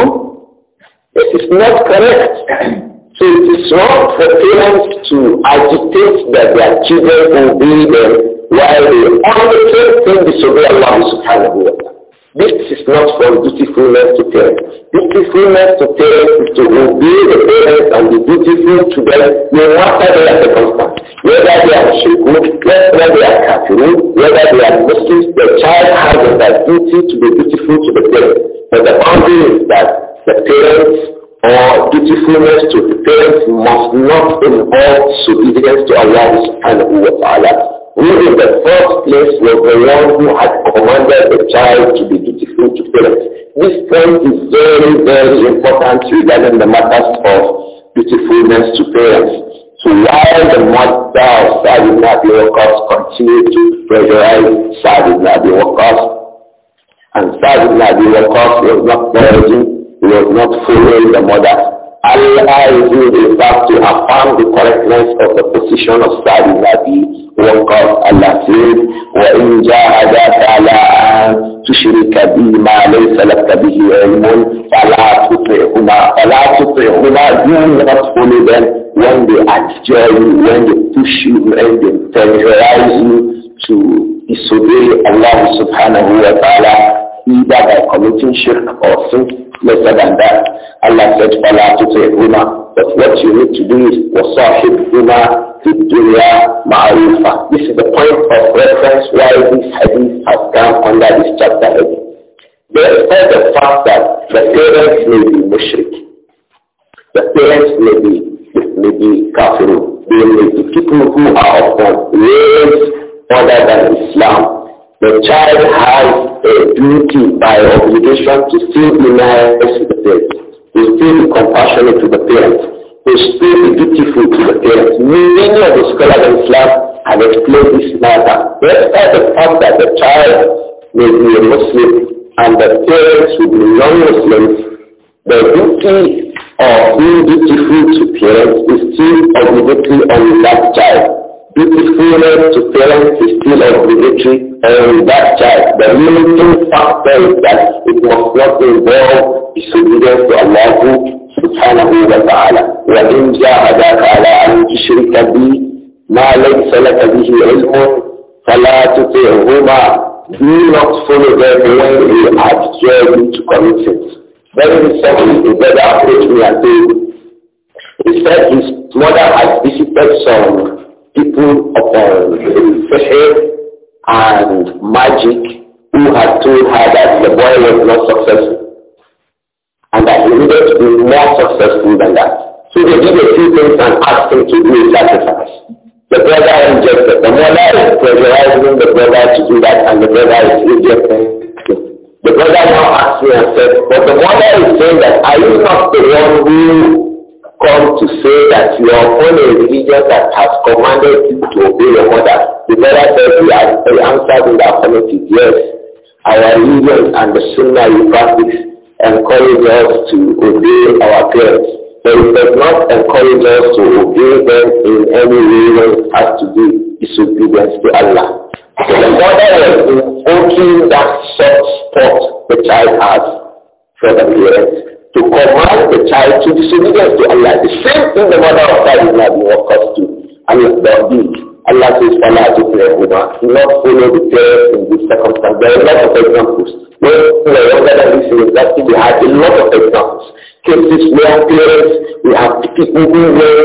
This is not correct. so it is wrong for parents to agitate that their children obey them while they on the same thing disobey Allah subhanahu wa ta'ala. This is not for dutifulness to parents. Dutifulness to parents is to obey the parents and be dutiful to them no matter their circumstance. Whether they are Shikun, whether they are Kafirun, whether they are Muslims, the child has the duty to be dutiful to the parents. But the problem is that the parents or dutifulness to the parents must not involve disobedience to Allah subhanahu wa ta'ala who in the first place was the one who had commanded the child to be dutiful to parents. This point is very, very important regarding the matters of dutifulness to parents. So while the mother of Saad ibn Abi Waqqas continued to pressurize Saad ibn Abi and Saad ibn Abi was not managing, he was not following the mother, Allah is in fact to affirm the correctness of the position of Sadi Nabi وقال الأسير وإن جاهداك على أن تشرك بي ما ليس لك به علم فلا تطعهما فلا تطعهما do not follow them when they adjure you, when they push you, when they terrorize you to disobey Allah subhanahu wa ta'ala either by committing shirk or sin lesser than that. Allah said, فَلَا تُطِعْ هُمَا But what you need to do is وَصَاحِبْ هُمَا فِي الدُّنْيَا مَعْرُوفًا This is the point of reference why this hadith has come under this chapter heading. Despite the fact that the parents may be mushrik, the parents may be, may be kafir, they may be people who are of the race other than Islam. The child has a duty by obligation to still be nice to the parents, to still be compassionate to the parents, to still be dutiful to the parents. Many of the scholars in Islam have explained this matter. Despite the fact that the child may be a Muslim and the parents will be non-Muslims, the duty of being dutiful to parents is still obligatory on that child. Dutifulness to parents is still obligatory and that child. The limiting factor is that it must not involve disobedience to Allah subhanahu wa ta'ala. وَإِنْ جَاهَدَاكَ عَلَىٰ أَنْ تُشْرِكَ بِي مَا لَيْسَ لَكَ بِهِ عِلْمٌ فَلَا تُطِعْهُمَا Do not follow them when they are you to commit sins. Very suddenly, the brother approached me and said, he said his mother had visited some people upon sihr and magic who had told her that the boy was not successful and that he needed to be more successful than that. So they did a few things and asked him to do a sacrifice. The brother rejected. The mother is pressurizing the brother to do that and the brother is rejecting. The brother now asked me and said, but the mother is saying that, are you not the one who come to say that you are upon a religion that has commanded you to obey your mother. The mother said, we have answered in the affirmative, yes. Our religion and the sunnah you practice encourage us to obey our parents. But it does not encourage us to obey them in any way that has to do disobedience to Allah. So the mother was invoking that soft spot the child has for the parents to command the child to disobedience to Allah. The same thing the mother of child is not being us to. And it's done big. Allah says, Allah to pray Do not follow the parents in this circumstance. There are a lot of examples. When we are younger than this in university, we have a lot of examples. Cases where parents, we have people who were,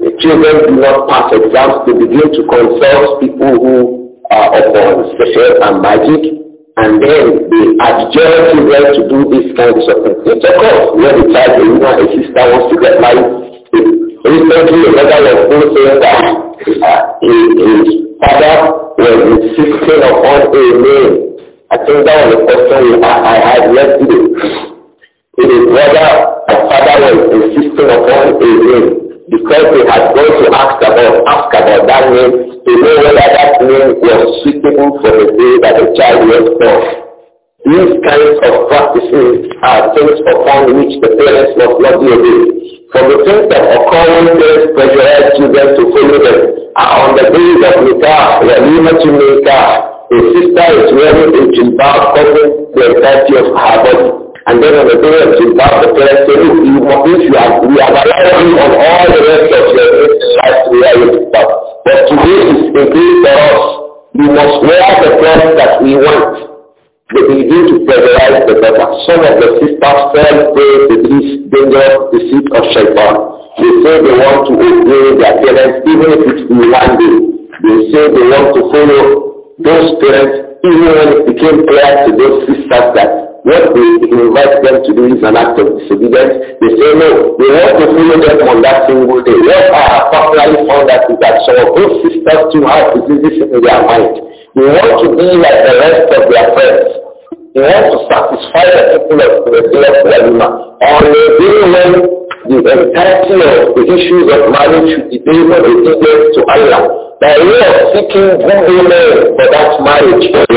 the children do not pass exams, they begin to consult people who are upon special and magic and then they adjure children to do this kind of thing. It's of course when the child, a woman, a sister wants to get married. Recently, a brother was still saying that his uh, father was insisting upon a name. I think that was a question I, I had left today. His brother, his father was insisting upon a name because they had gone to ask about, ask about that name to know whether that name was suitable for the day that the child was born. These kinds of practices are things upon which the parents must not be For From the things that occur when parents pressurize children to follow them are on the days of nikah, walima to nikah. A sister is wearing a jilbab covering the entirety of her body. And then on the day of Jumpa, the prayer said, look, you, if you have, we have allowed you on all the rest of your life to wear your Jumpa. But today is a day for us. We must wear the clothes that we want. They begin to terrorize the brother. Some of the sisters fell prey to this dangerous deceit of shaitan. They say they want to obey their parents even if it's in one day. They say they want to follow those parents even when it became clear to those sisters that what they invite them to do is an act of disobedience. They say, no, we want to follow them on that single day. What I have personally found that is that some of those sisters too have diseases in their mind. We want to be like the rest of their friends. They want to satisfy the people of the Kalima on a day when the entirety of the issues of marriage should the based on obedience to Allah. By way of seeking good women for that marriage. The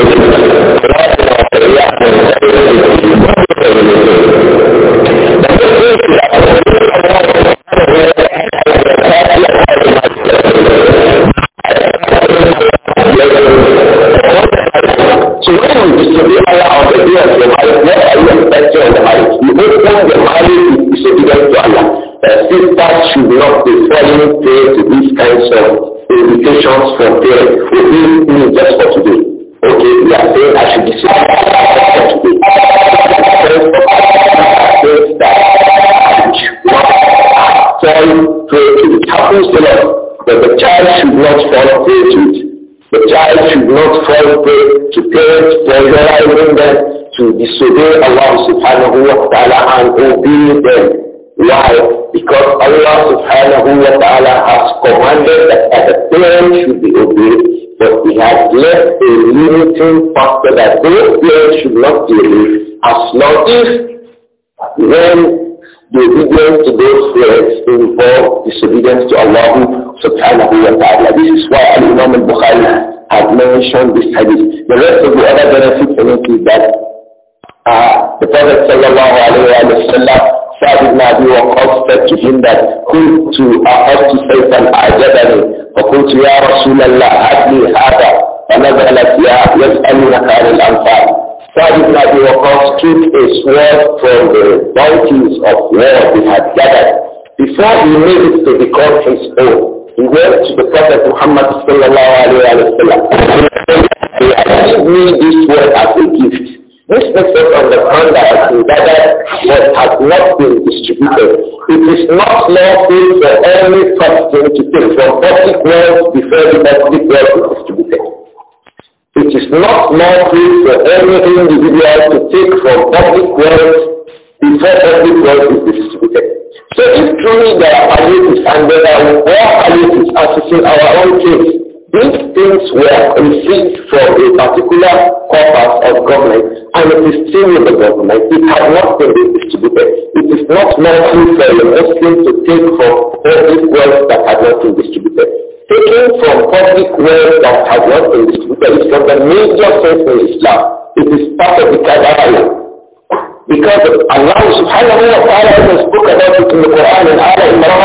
when the marriage is obedient to Allah, a sister should not be falling prey to these kinds of invitations from parents who give me just for today. Okay, we are saying I should be sick for today. Parents parents that I to it. Happens a lot, that the child should not fall prey to it. The child should not fall prey to parents pressurizing them to disobey Allah subhanahu wa ta'ala and obey them. Why? Because Allah subhanahu wa ta'ala has commanded that a parent should be obeyed, but he has left a limiting factor that those parents should not be obeyed as long as when the obedience to those parents involves disobedience to Allah subhanahu wa ta'ala. This is why Imam al-Bukhari has mentioned this hadith. The rest of the other benefits in it is that uh, the Prophet sallallahu alayhi wa sallam said ibn Abi Waqqas said to him that كنت أخذت سيفا أعجبني فقلت يا رسول الله هات لي هذا فنزلت يا يسألونك sa Sa'd ibn Abi Waqqas took a sword from the bounties of war he had gathered before he made it to become his own he went to the Prophet Muhammad sallallahu alayhi wa sallam. He gave me this word as a gift. This message on the conduct is that what has not been distributed. It is not lawful for any person to take from public wealth before the public wealth is distributed. It is not lawful for any individual to take from public wealth before public wealth is distributed. So if truly the Alif is under our Alif is assessing our own case, these things were received from a particular corpus of government and it is still in the government. It has not been distributed. It is not normal for a Muslim to take from public wealth that has not been distributed. Taking from public wealth that has not been distributed is from the major source in Islam. It is part of the Kabbalah. Because Allah subhanahu wa ta'ala has spoken about it in the Quran and Allah in the,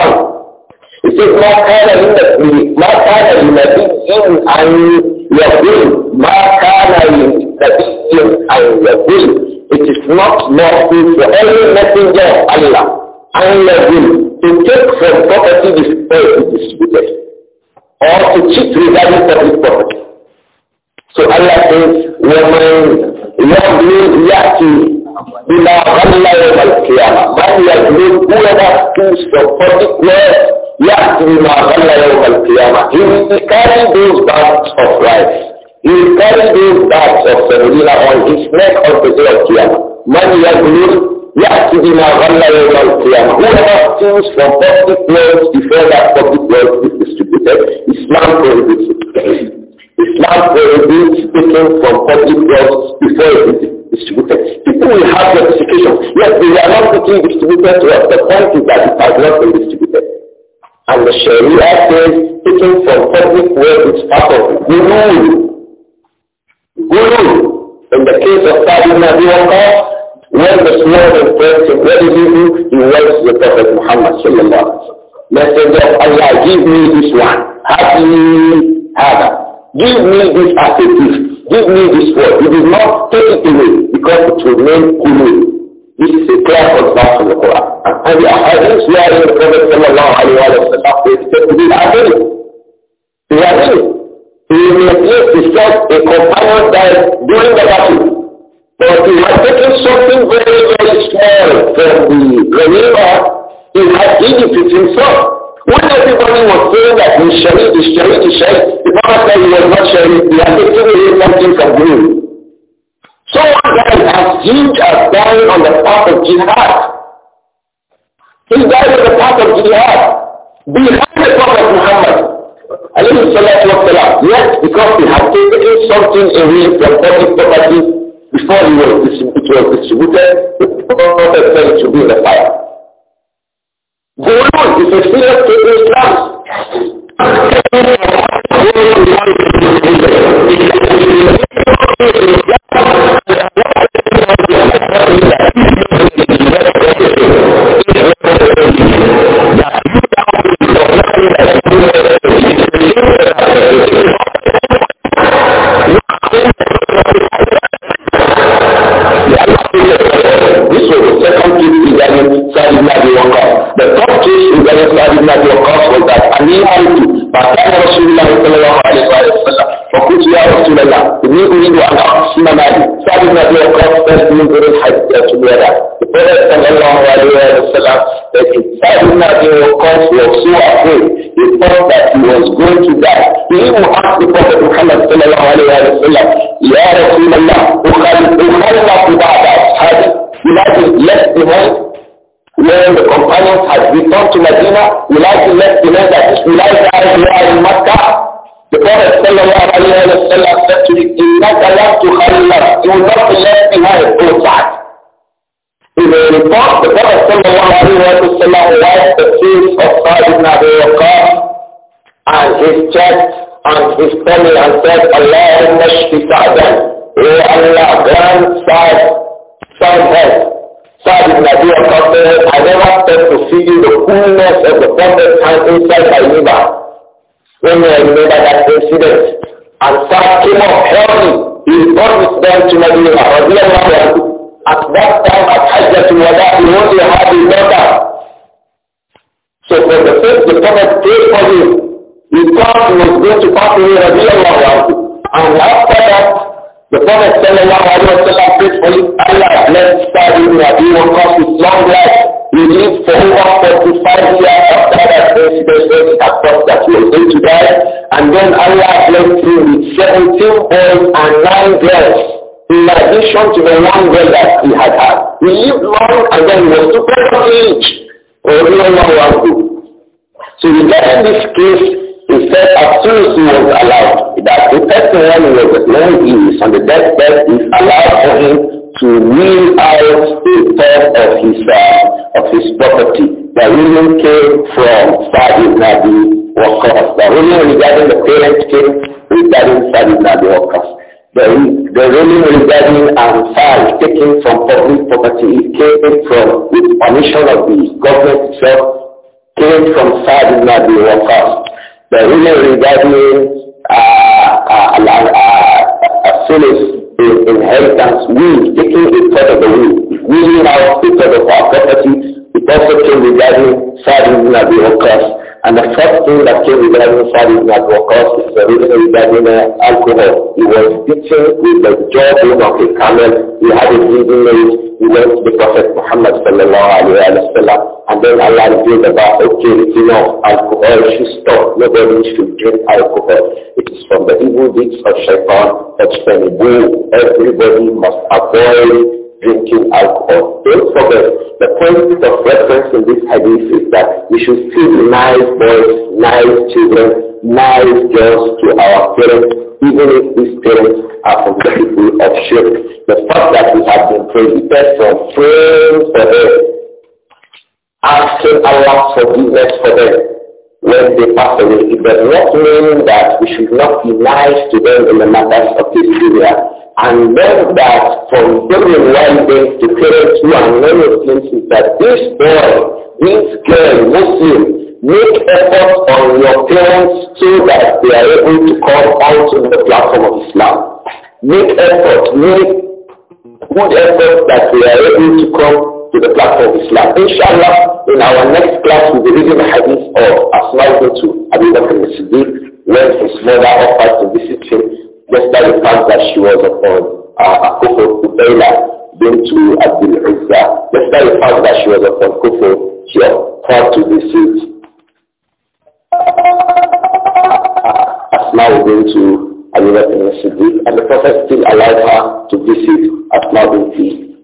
He says, ما كان لنبي ما كان لنبي أن يقول ما كان that that is sin and yadin. It is not lawful for any messenger of Allah and yadin to take from property destroyed to distribute or to cheat regarding public property. So Allah says, وَمَنْ يَغْلِبْ يَأْتِي بِلَا غَلَّ يَوْمَ الْقِيَامَةِ Man يَغْلِبْ whoever steals from public wealth يَأْتِي بِمَا غَلَّ يَوْمَ الْقِيَامَةِ He will be carrying those bags of rice. He will carry those bags of Sabrina on his neck on the day of Qiyamah. Man yaglul yahti bima ghalla yawm al-Qiyamah. Whoever steals from public wealth before that public wealth is distributed, Islam prohibits it. Islam prohibits taking from public wealth before it is distributed. People will have justification. Yes, they are not being distributed to us. The point is that it has not been distributed. And the Sharia says taking from public wealth is part of the rule Guru, in the case of Sa'id ibn Abi when the sword is pressed what does he do? He works to the Prophet Muhammad sallallahu alaihi wasallam. Messenger of Allah, give me this one. Happy Hada. Give me this as Give me this word. You did not take it away because it will make Kulu. This is a clear contrast from the Quran. And the ahadith where the Prophet sallallahu alaihi wasallam said, "Take this as a gift." They are he will to himself a companion that during the battle. But he had taken something very, very small from the believer. He had given it himself. When everybody was saying that he shared, he shared, he shared, the Prophet said he was not sharing, he had taken away something from him. Someone died as huge as dying on the path of jihad. He died on the path of jihad. Behind the Prophet Muhammad, alayhi salatu wasalam, yes, because he had taken something away from public property before he was, it was distributed, the prophet said it should be in the fire. Gold is a serious thing in Islam. Thank you. Sa'd ibn Abi Waqqas. The top case regarding Sa'd ibn Abi Waqqas was that Ali Haritu, فكان رسول الله صلى الله عليه وسلم فقلت يا رسول الله إني أريد أن أقسم مالي سعد بن أبي وقاص بس من غير الحديث الوداع فقال صلى الله عليه وسلم that سعد بن أبي وقاص was so afraid he thought that he was going to die he even asked the Prophet Muhammad صلى الله عليه وسلم يا رسول الله أخلف بعد أصحابي imagine left behind when the companions had returned to Medina, we like to let the men that we like Elijah died here in Mecca. The Prophet sallallahu alayhi wa sallam said to him, إِنَّكَ to تُخَلَّفْ You will not be left behind, O Sa'd. In the report, the Prophet sallallahu alayhi wa sallam wiped the face of Sa'd ibn Abi Waqqas and his chest and his family, and said, Allahumma shfi Sa'dan. O Allah, grant Sa'd, sa health. I Saad ibn Abi Waqqas said, I never felt to see you the coolness of the perfect time inside my liver. When we remember that incident, and Saad came up, help me, he brought his bell to Medina, radiallahu anhu. At that time, I tried to my dad. he wanted to have his daughter. So for the first, the Prophet prayed for him, he thought he was going to pass away, radiallahu anhu. And after that, the Prophet sallallahu alayhi wa sallam said for him, Allah blessed Sa'd ibn Abi Waqqas with long life. He lived for over 45 years after that incident when he had thought that he was going to die. And then Allah blessed him with 17 boys and 9 girls in addition to the one girl that he had had. He lived long and then he was too old of age. So regarding this case, said as soon as he was allowed, that the person when was known is on the deathbed is allowed for him to wheel out a third of his uh, of his property. The ruling came from Saad ibn Abi The ruling regarding the parents came regarding Saad ibn Abi The, the ruling regarding Ansar um, taken from public property It came from with permission of the government itself came from Saad ibn Abi the ruling regarding uh, uh, uh, uh Al-Sulus in inheritance, we taking a part of the will, wheeling out a part of our property, it also came regarding Sa'd ibn Abi and the first thing that came regarding Sadi ibn was Waqqas is the reason regarding alcohol. He was beaten with the jawbone of a camel. He had a bleeding nose. He went to the Prophet Muhammad sallallahu alayhi wa sallam. And then Allah revealed about, okay, it's enough. Alcohol should stop. Nobody should drink alcohol. It is from the evil deeds of shaitan that when you everybody must avoid drinking alcohol. Don't forget, the point of reference in this hadith is that we should treat nice boys, nice children, nice girls to our parents, even if these parents are from the people of shirk. The fact that we have been prohibited from praying for them, asking Allah's forgiveness for them, when they pass away. It does not mean that we should not be nice to them in the matters of this area. And then that from doing one thing to parents who are non-Muslims is that this boy, this girl, Muslim, Make efforts on your parents so that they are able to come out on the platform of Islam. Make efforts, make good efforts that they are able to come to the platform of Islam. Inshallah, in our next class, we'll be reading the hadith of Asma ibn to Abu Bakr al-Siddiq when his mother offered to visit him just by the fact that she was upon uh, a kufr Ubayla bint Abdul Uzza. Just by the fact that she was upon kufr, she offered to visit uh, Asma bint Abu Bakr al-Siddiq and the Prophet still allowed her to visit Asma bint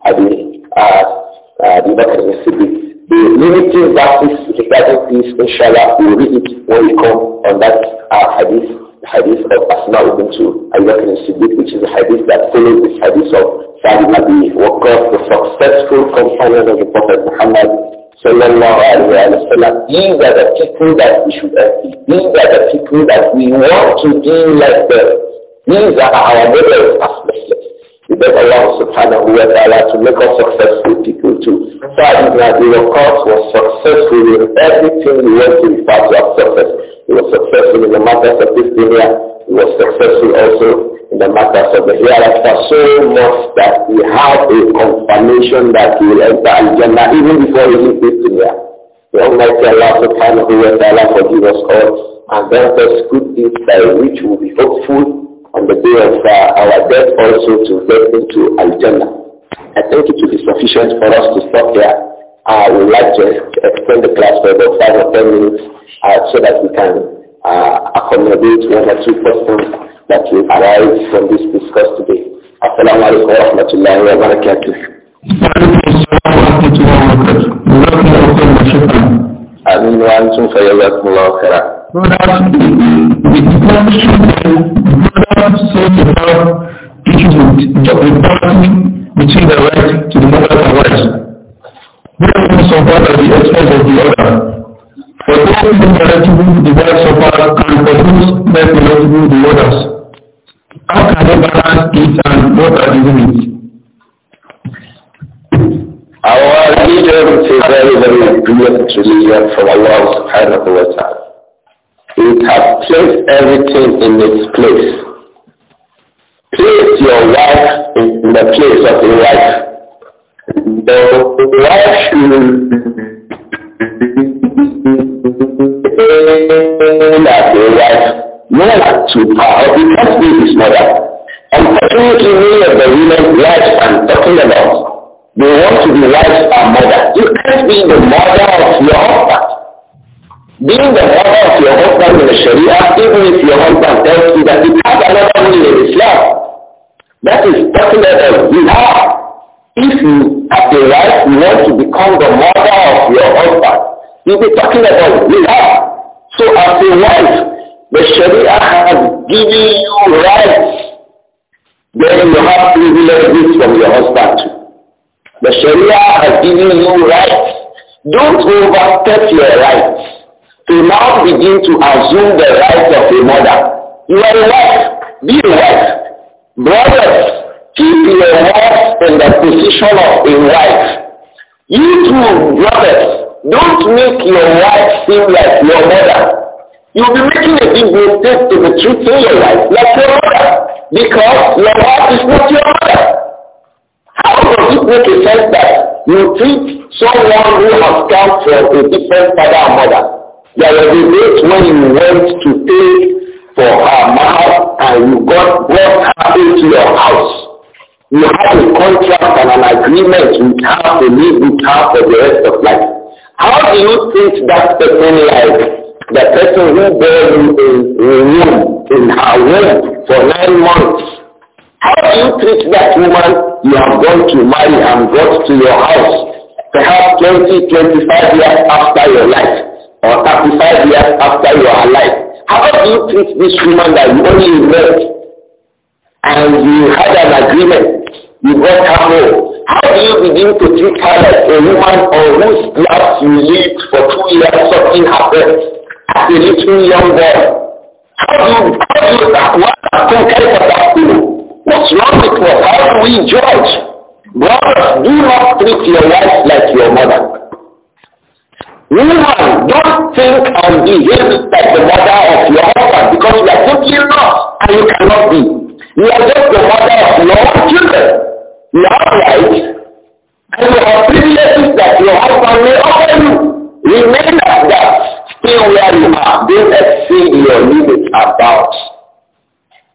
Abi uh, Abu uh, Bakr The limiting that is regarding this, inshallah, we'll read it when we come on that uh, hadith, hadith of Asma ibn to Abu Bakr al-Siddiq, which is a hadith that follows the hadith of sa who was Abi the successful companion of the Prophet Muhammad sallallahu alayhi wa sallam. These are the people that we should envy. These are the people that we want to be like them. These are our models as Muslims. We beg Allah subhanahu wa ta'ala to make us successful people too. Sa'ad that Abi Waqqas was successful in everything we went to refer to as success. He was successful in the matters of this area. He was successful also in the matters of the hereafter so much that we have a confirmation that he will enter Al-Jannah even before he leaves this area. The Almighty Allah subhanahu wa ta'ala forgive us all and grant us good deeds by which we will be hopeful on the day of uh, our death also to get into al I think it will be sufficient for us to stop here. Uh, I would like to extend the class for about 5 or 10 minutes uh, so that we can uh, accommodate one or two questions that will arise from this discussion today. Assalamu alaikum wa rahmatullahi wa barakatuh not said to have issues with reporting between the right to the mother and wife. at the expense of the other. For those who are to the wife suffer and for those men who the others. How can they balance it and what are the limits? Our leader is a very, very brilliant religion from Allah subhanahu wa ta'ala. It has placed everything in its place place your wife in the place of a wife. The wife should that a wife, not to power, because this is mother. Unfortunately, many of the women wives I'm talking about they want to be wives and mothers. You can't be the mother of your husband. Being the mother of your husband in the Sharia, even if your husband tells you that he has another woman in Islam, that is talking We you have. If you, at the right, you want to become the mother of your husband, you'll be talking about you have. So as a wife, the Sharia has given you rights. Then you have privileges from your husband too. The Sharia has given you rights. Don't overstep your rights. To now begin to assume the rights of a mother. You are a wife. Be a wife. Brothers, keep your wife in the position of a wife. You too, brothers, don't make your wife seem like your mother. You'll be making a big mistake to be treating your wife like your mother because your wife is not your mother. How does it make a sense that you treat someone who has come from a different father and mother? There was a date when you went to pay for her mouth and you got what happened to your house, you have a contract and an agreement you have to live with her for the rest of life. How do you treat that person like the person who bore you in, in in her womb for nine months? How do you treat that woman you have gone to marry and brought to your house perhaps 20, 25 years after your life or 35 years after your life? How do you treat this woman that you only met and you had an agreement? You got her home. How do you begin to treat her like a woman on whose blood you lived for two years something happened as a little young girl. How do you, how do you, what conquer for that thing? What's wrong with us? How do we judge? Brothers, do not treat your wife like your mother. Woman, don't think and like the mother of your husband because you are totally lost and you cannot be. You are just the mother of your own children. You are right, and you have privileges that your husband may offer you. Remain at that. Stay where you are. Don't exceed your limits about.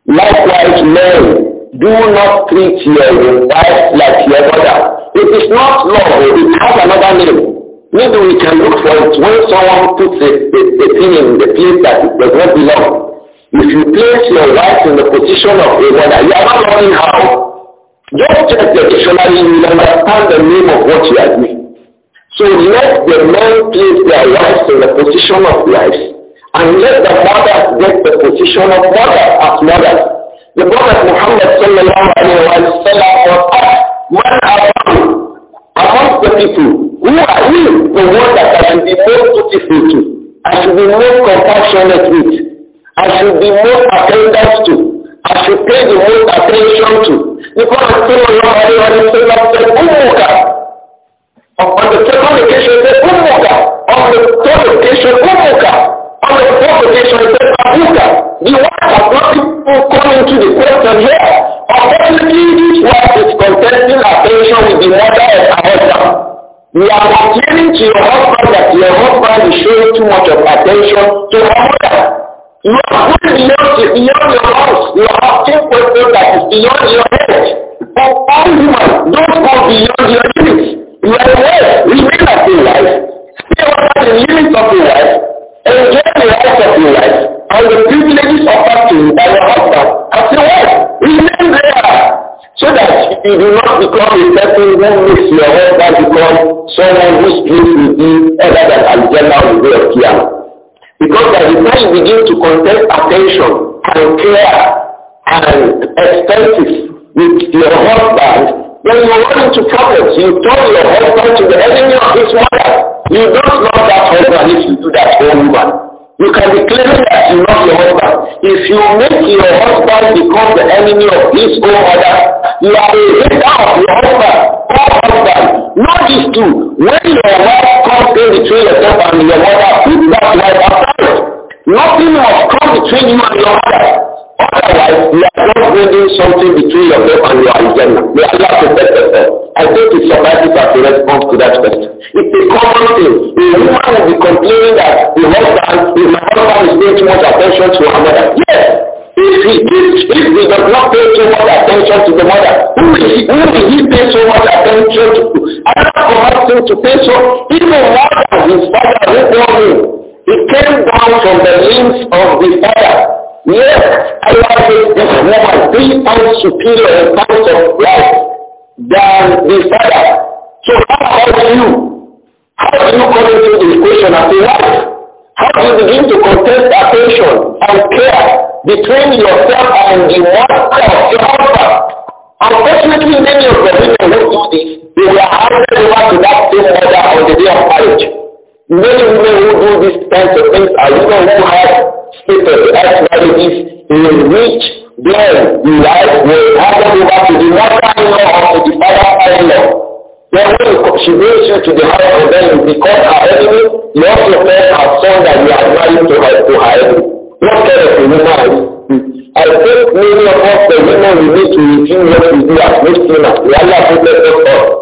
Likewise, men, do not treat your wife like your mother. It is not love. It has another name. Maybe we can look for it when someone puts a, a, a in the place that does not belong. If you place your wife in the position of a mother, you are not knowing how. Just check the dictionary, you will understand the name of what you are doing. So let the men place their wives in the position of wives, and let the mothers get the position of mothers as mothers. The Prophet Muhammad sallallahu alayhi wa sallam was asked, Man the people. Who are you? The one that I should be most dutiful to. I should be most compassionate with. I should be most attentive to. I should pay the most attention to. Because Rasulullah alayhi wa sallam said, Ummuka. On the second occasion, he said, Ummuka. On the third occasion, Ummuka. On the fourth occasion, he said, Abuka. The one that brought people come into the question here Unfortunately, this wife is contesting attention with the mother of her husband. We are complaining to your husband that your husband is showing too much of attention to her mother. You are going beyond, beyond your house. You are asking questions that is beyond your head. For all women, don't go beyond your limits. You are aware, remain at your life. Stay within the limits of your life. Enjoy the rest of your life. And the privileges of fasting by your husband as your wife. Remain there so that you do not become a person who makes your husband become someone whose dreams will be other than Aljanna on the of Qiyamah. Because by the time you begin to contest attention and care and expenses with your husband, when you run into problems, you turn your husband to the enemy of his mother. You don't love that husband if you do that to woman. You can be claiming that you love your husband. If you make your husband become the enemy of his own mother, you are a hater of your husband or husband. Not these two. When your wife comes in between yourself and your mother, put that wife aside. Nothing must come between you and your mother. Otherwise, you are not bringing something between yourself and your agenda. May Allah protect us all. I think it's surprising that the response to that question. It's a common thing. A woman will be complaining that the husband, if my husband is paying too much attention to her mother. Yes, if he, if, if he does not pay too much attention to the mother, who will he, who will he pay so much attention to? I Allah commands him to pay so, even more than his father who born him. It came down from the limbs of the father. Yes, I says this woman three times superior in terms of life than the father. So how about you? How do you come into the equation as a wife? How do you begin to contest attention and care between yourself and the master of your husband? Unfortunately, many of the women who do this, they were handed over to that same mother on the day of marriage. Many women who do these kinds of things are women who have status as marriages in which then the wife will hand over to the mother-in-law or to the father-in-law. Then when she brings you to the house of you become her enemy, you also tell her son that you are married to her, to her enemy. What kind of a woman is I think many of us, the women, we need to review what we do as Muslims. We are not protected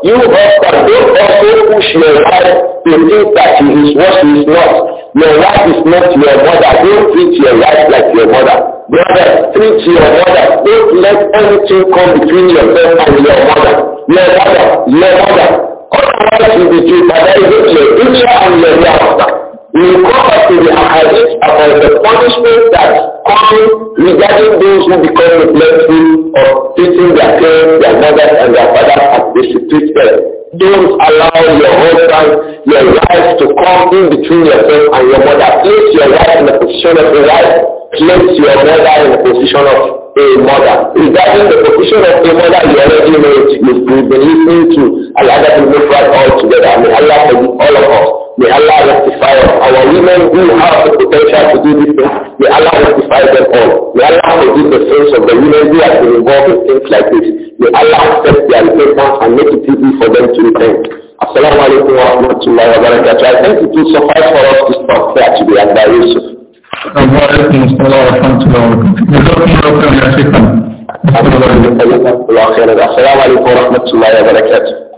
You husband, don't also push your wife to think that she is what she is not. Your wife is not your mother. Don't treat your wife like your mother. Brother, treat your mother. Don't let anything come between yourself and your mother. Your mother, your mother. Otherwise, you will be treated as your teacher and your master. We come back to the hadith about the punishment that comes regarding those who become neglectful of treating their parents, their mothers, and their fathers as they should treat them. Don't allow your husband, your wife to come in between yourself and your mother. Place your wife in the position of a wife. Place your mother in the position of a mother. Regarding the position of a mother, you already know it. You've been listening to Allah that will all together. May Allah forgive all of us. May Allah rectify Our women who have the potential to do this. things, may Allah rectify them all. May Allah forgive the sins of the women who have been involved in things like this. May Allah accept their repentance and make it easy for them to repent. Assalamu alaikum wa rahmatullahi wa barakatuh. I think it will suffice for us to stop here today and by Yusuf. وعليكم السلام ورحمة الله وبركاته. جزاكم الله خيرا يا شيخنا. السلام عليكم ورحمة الله وبركاته.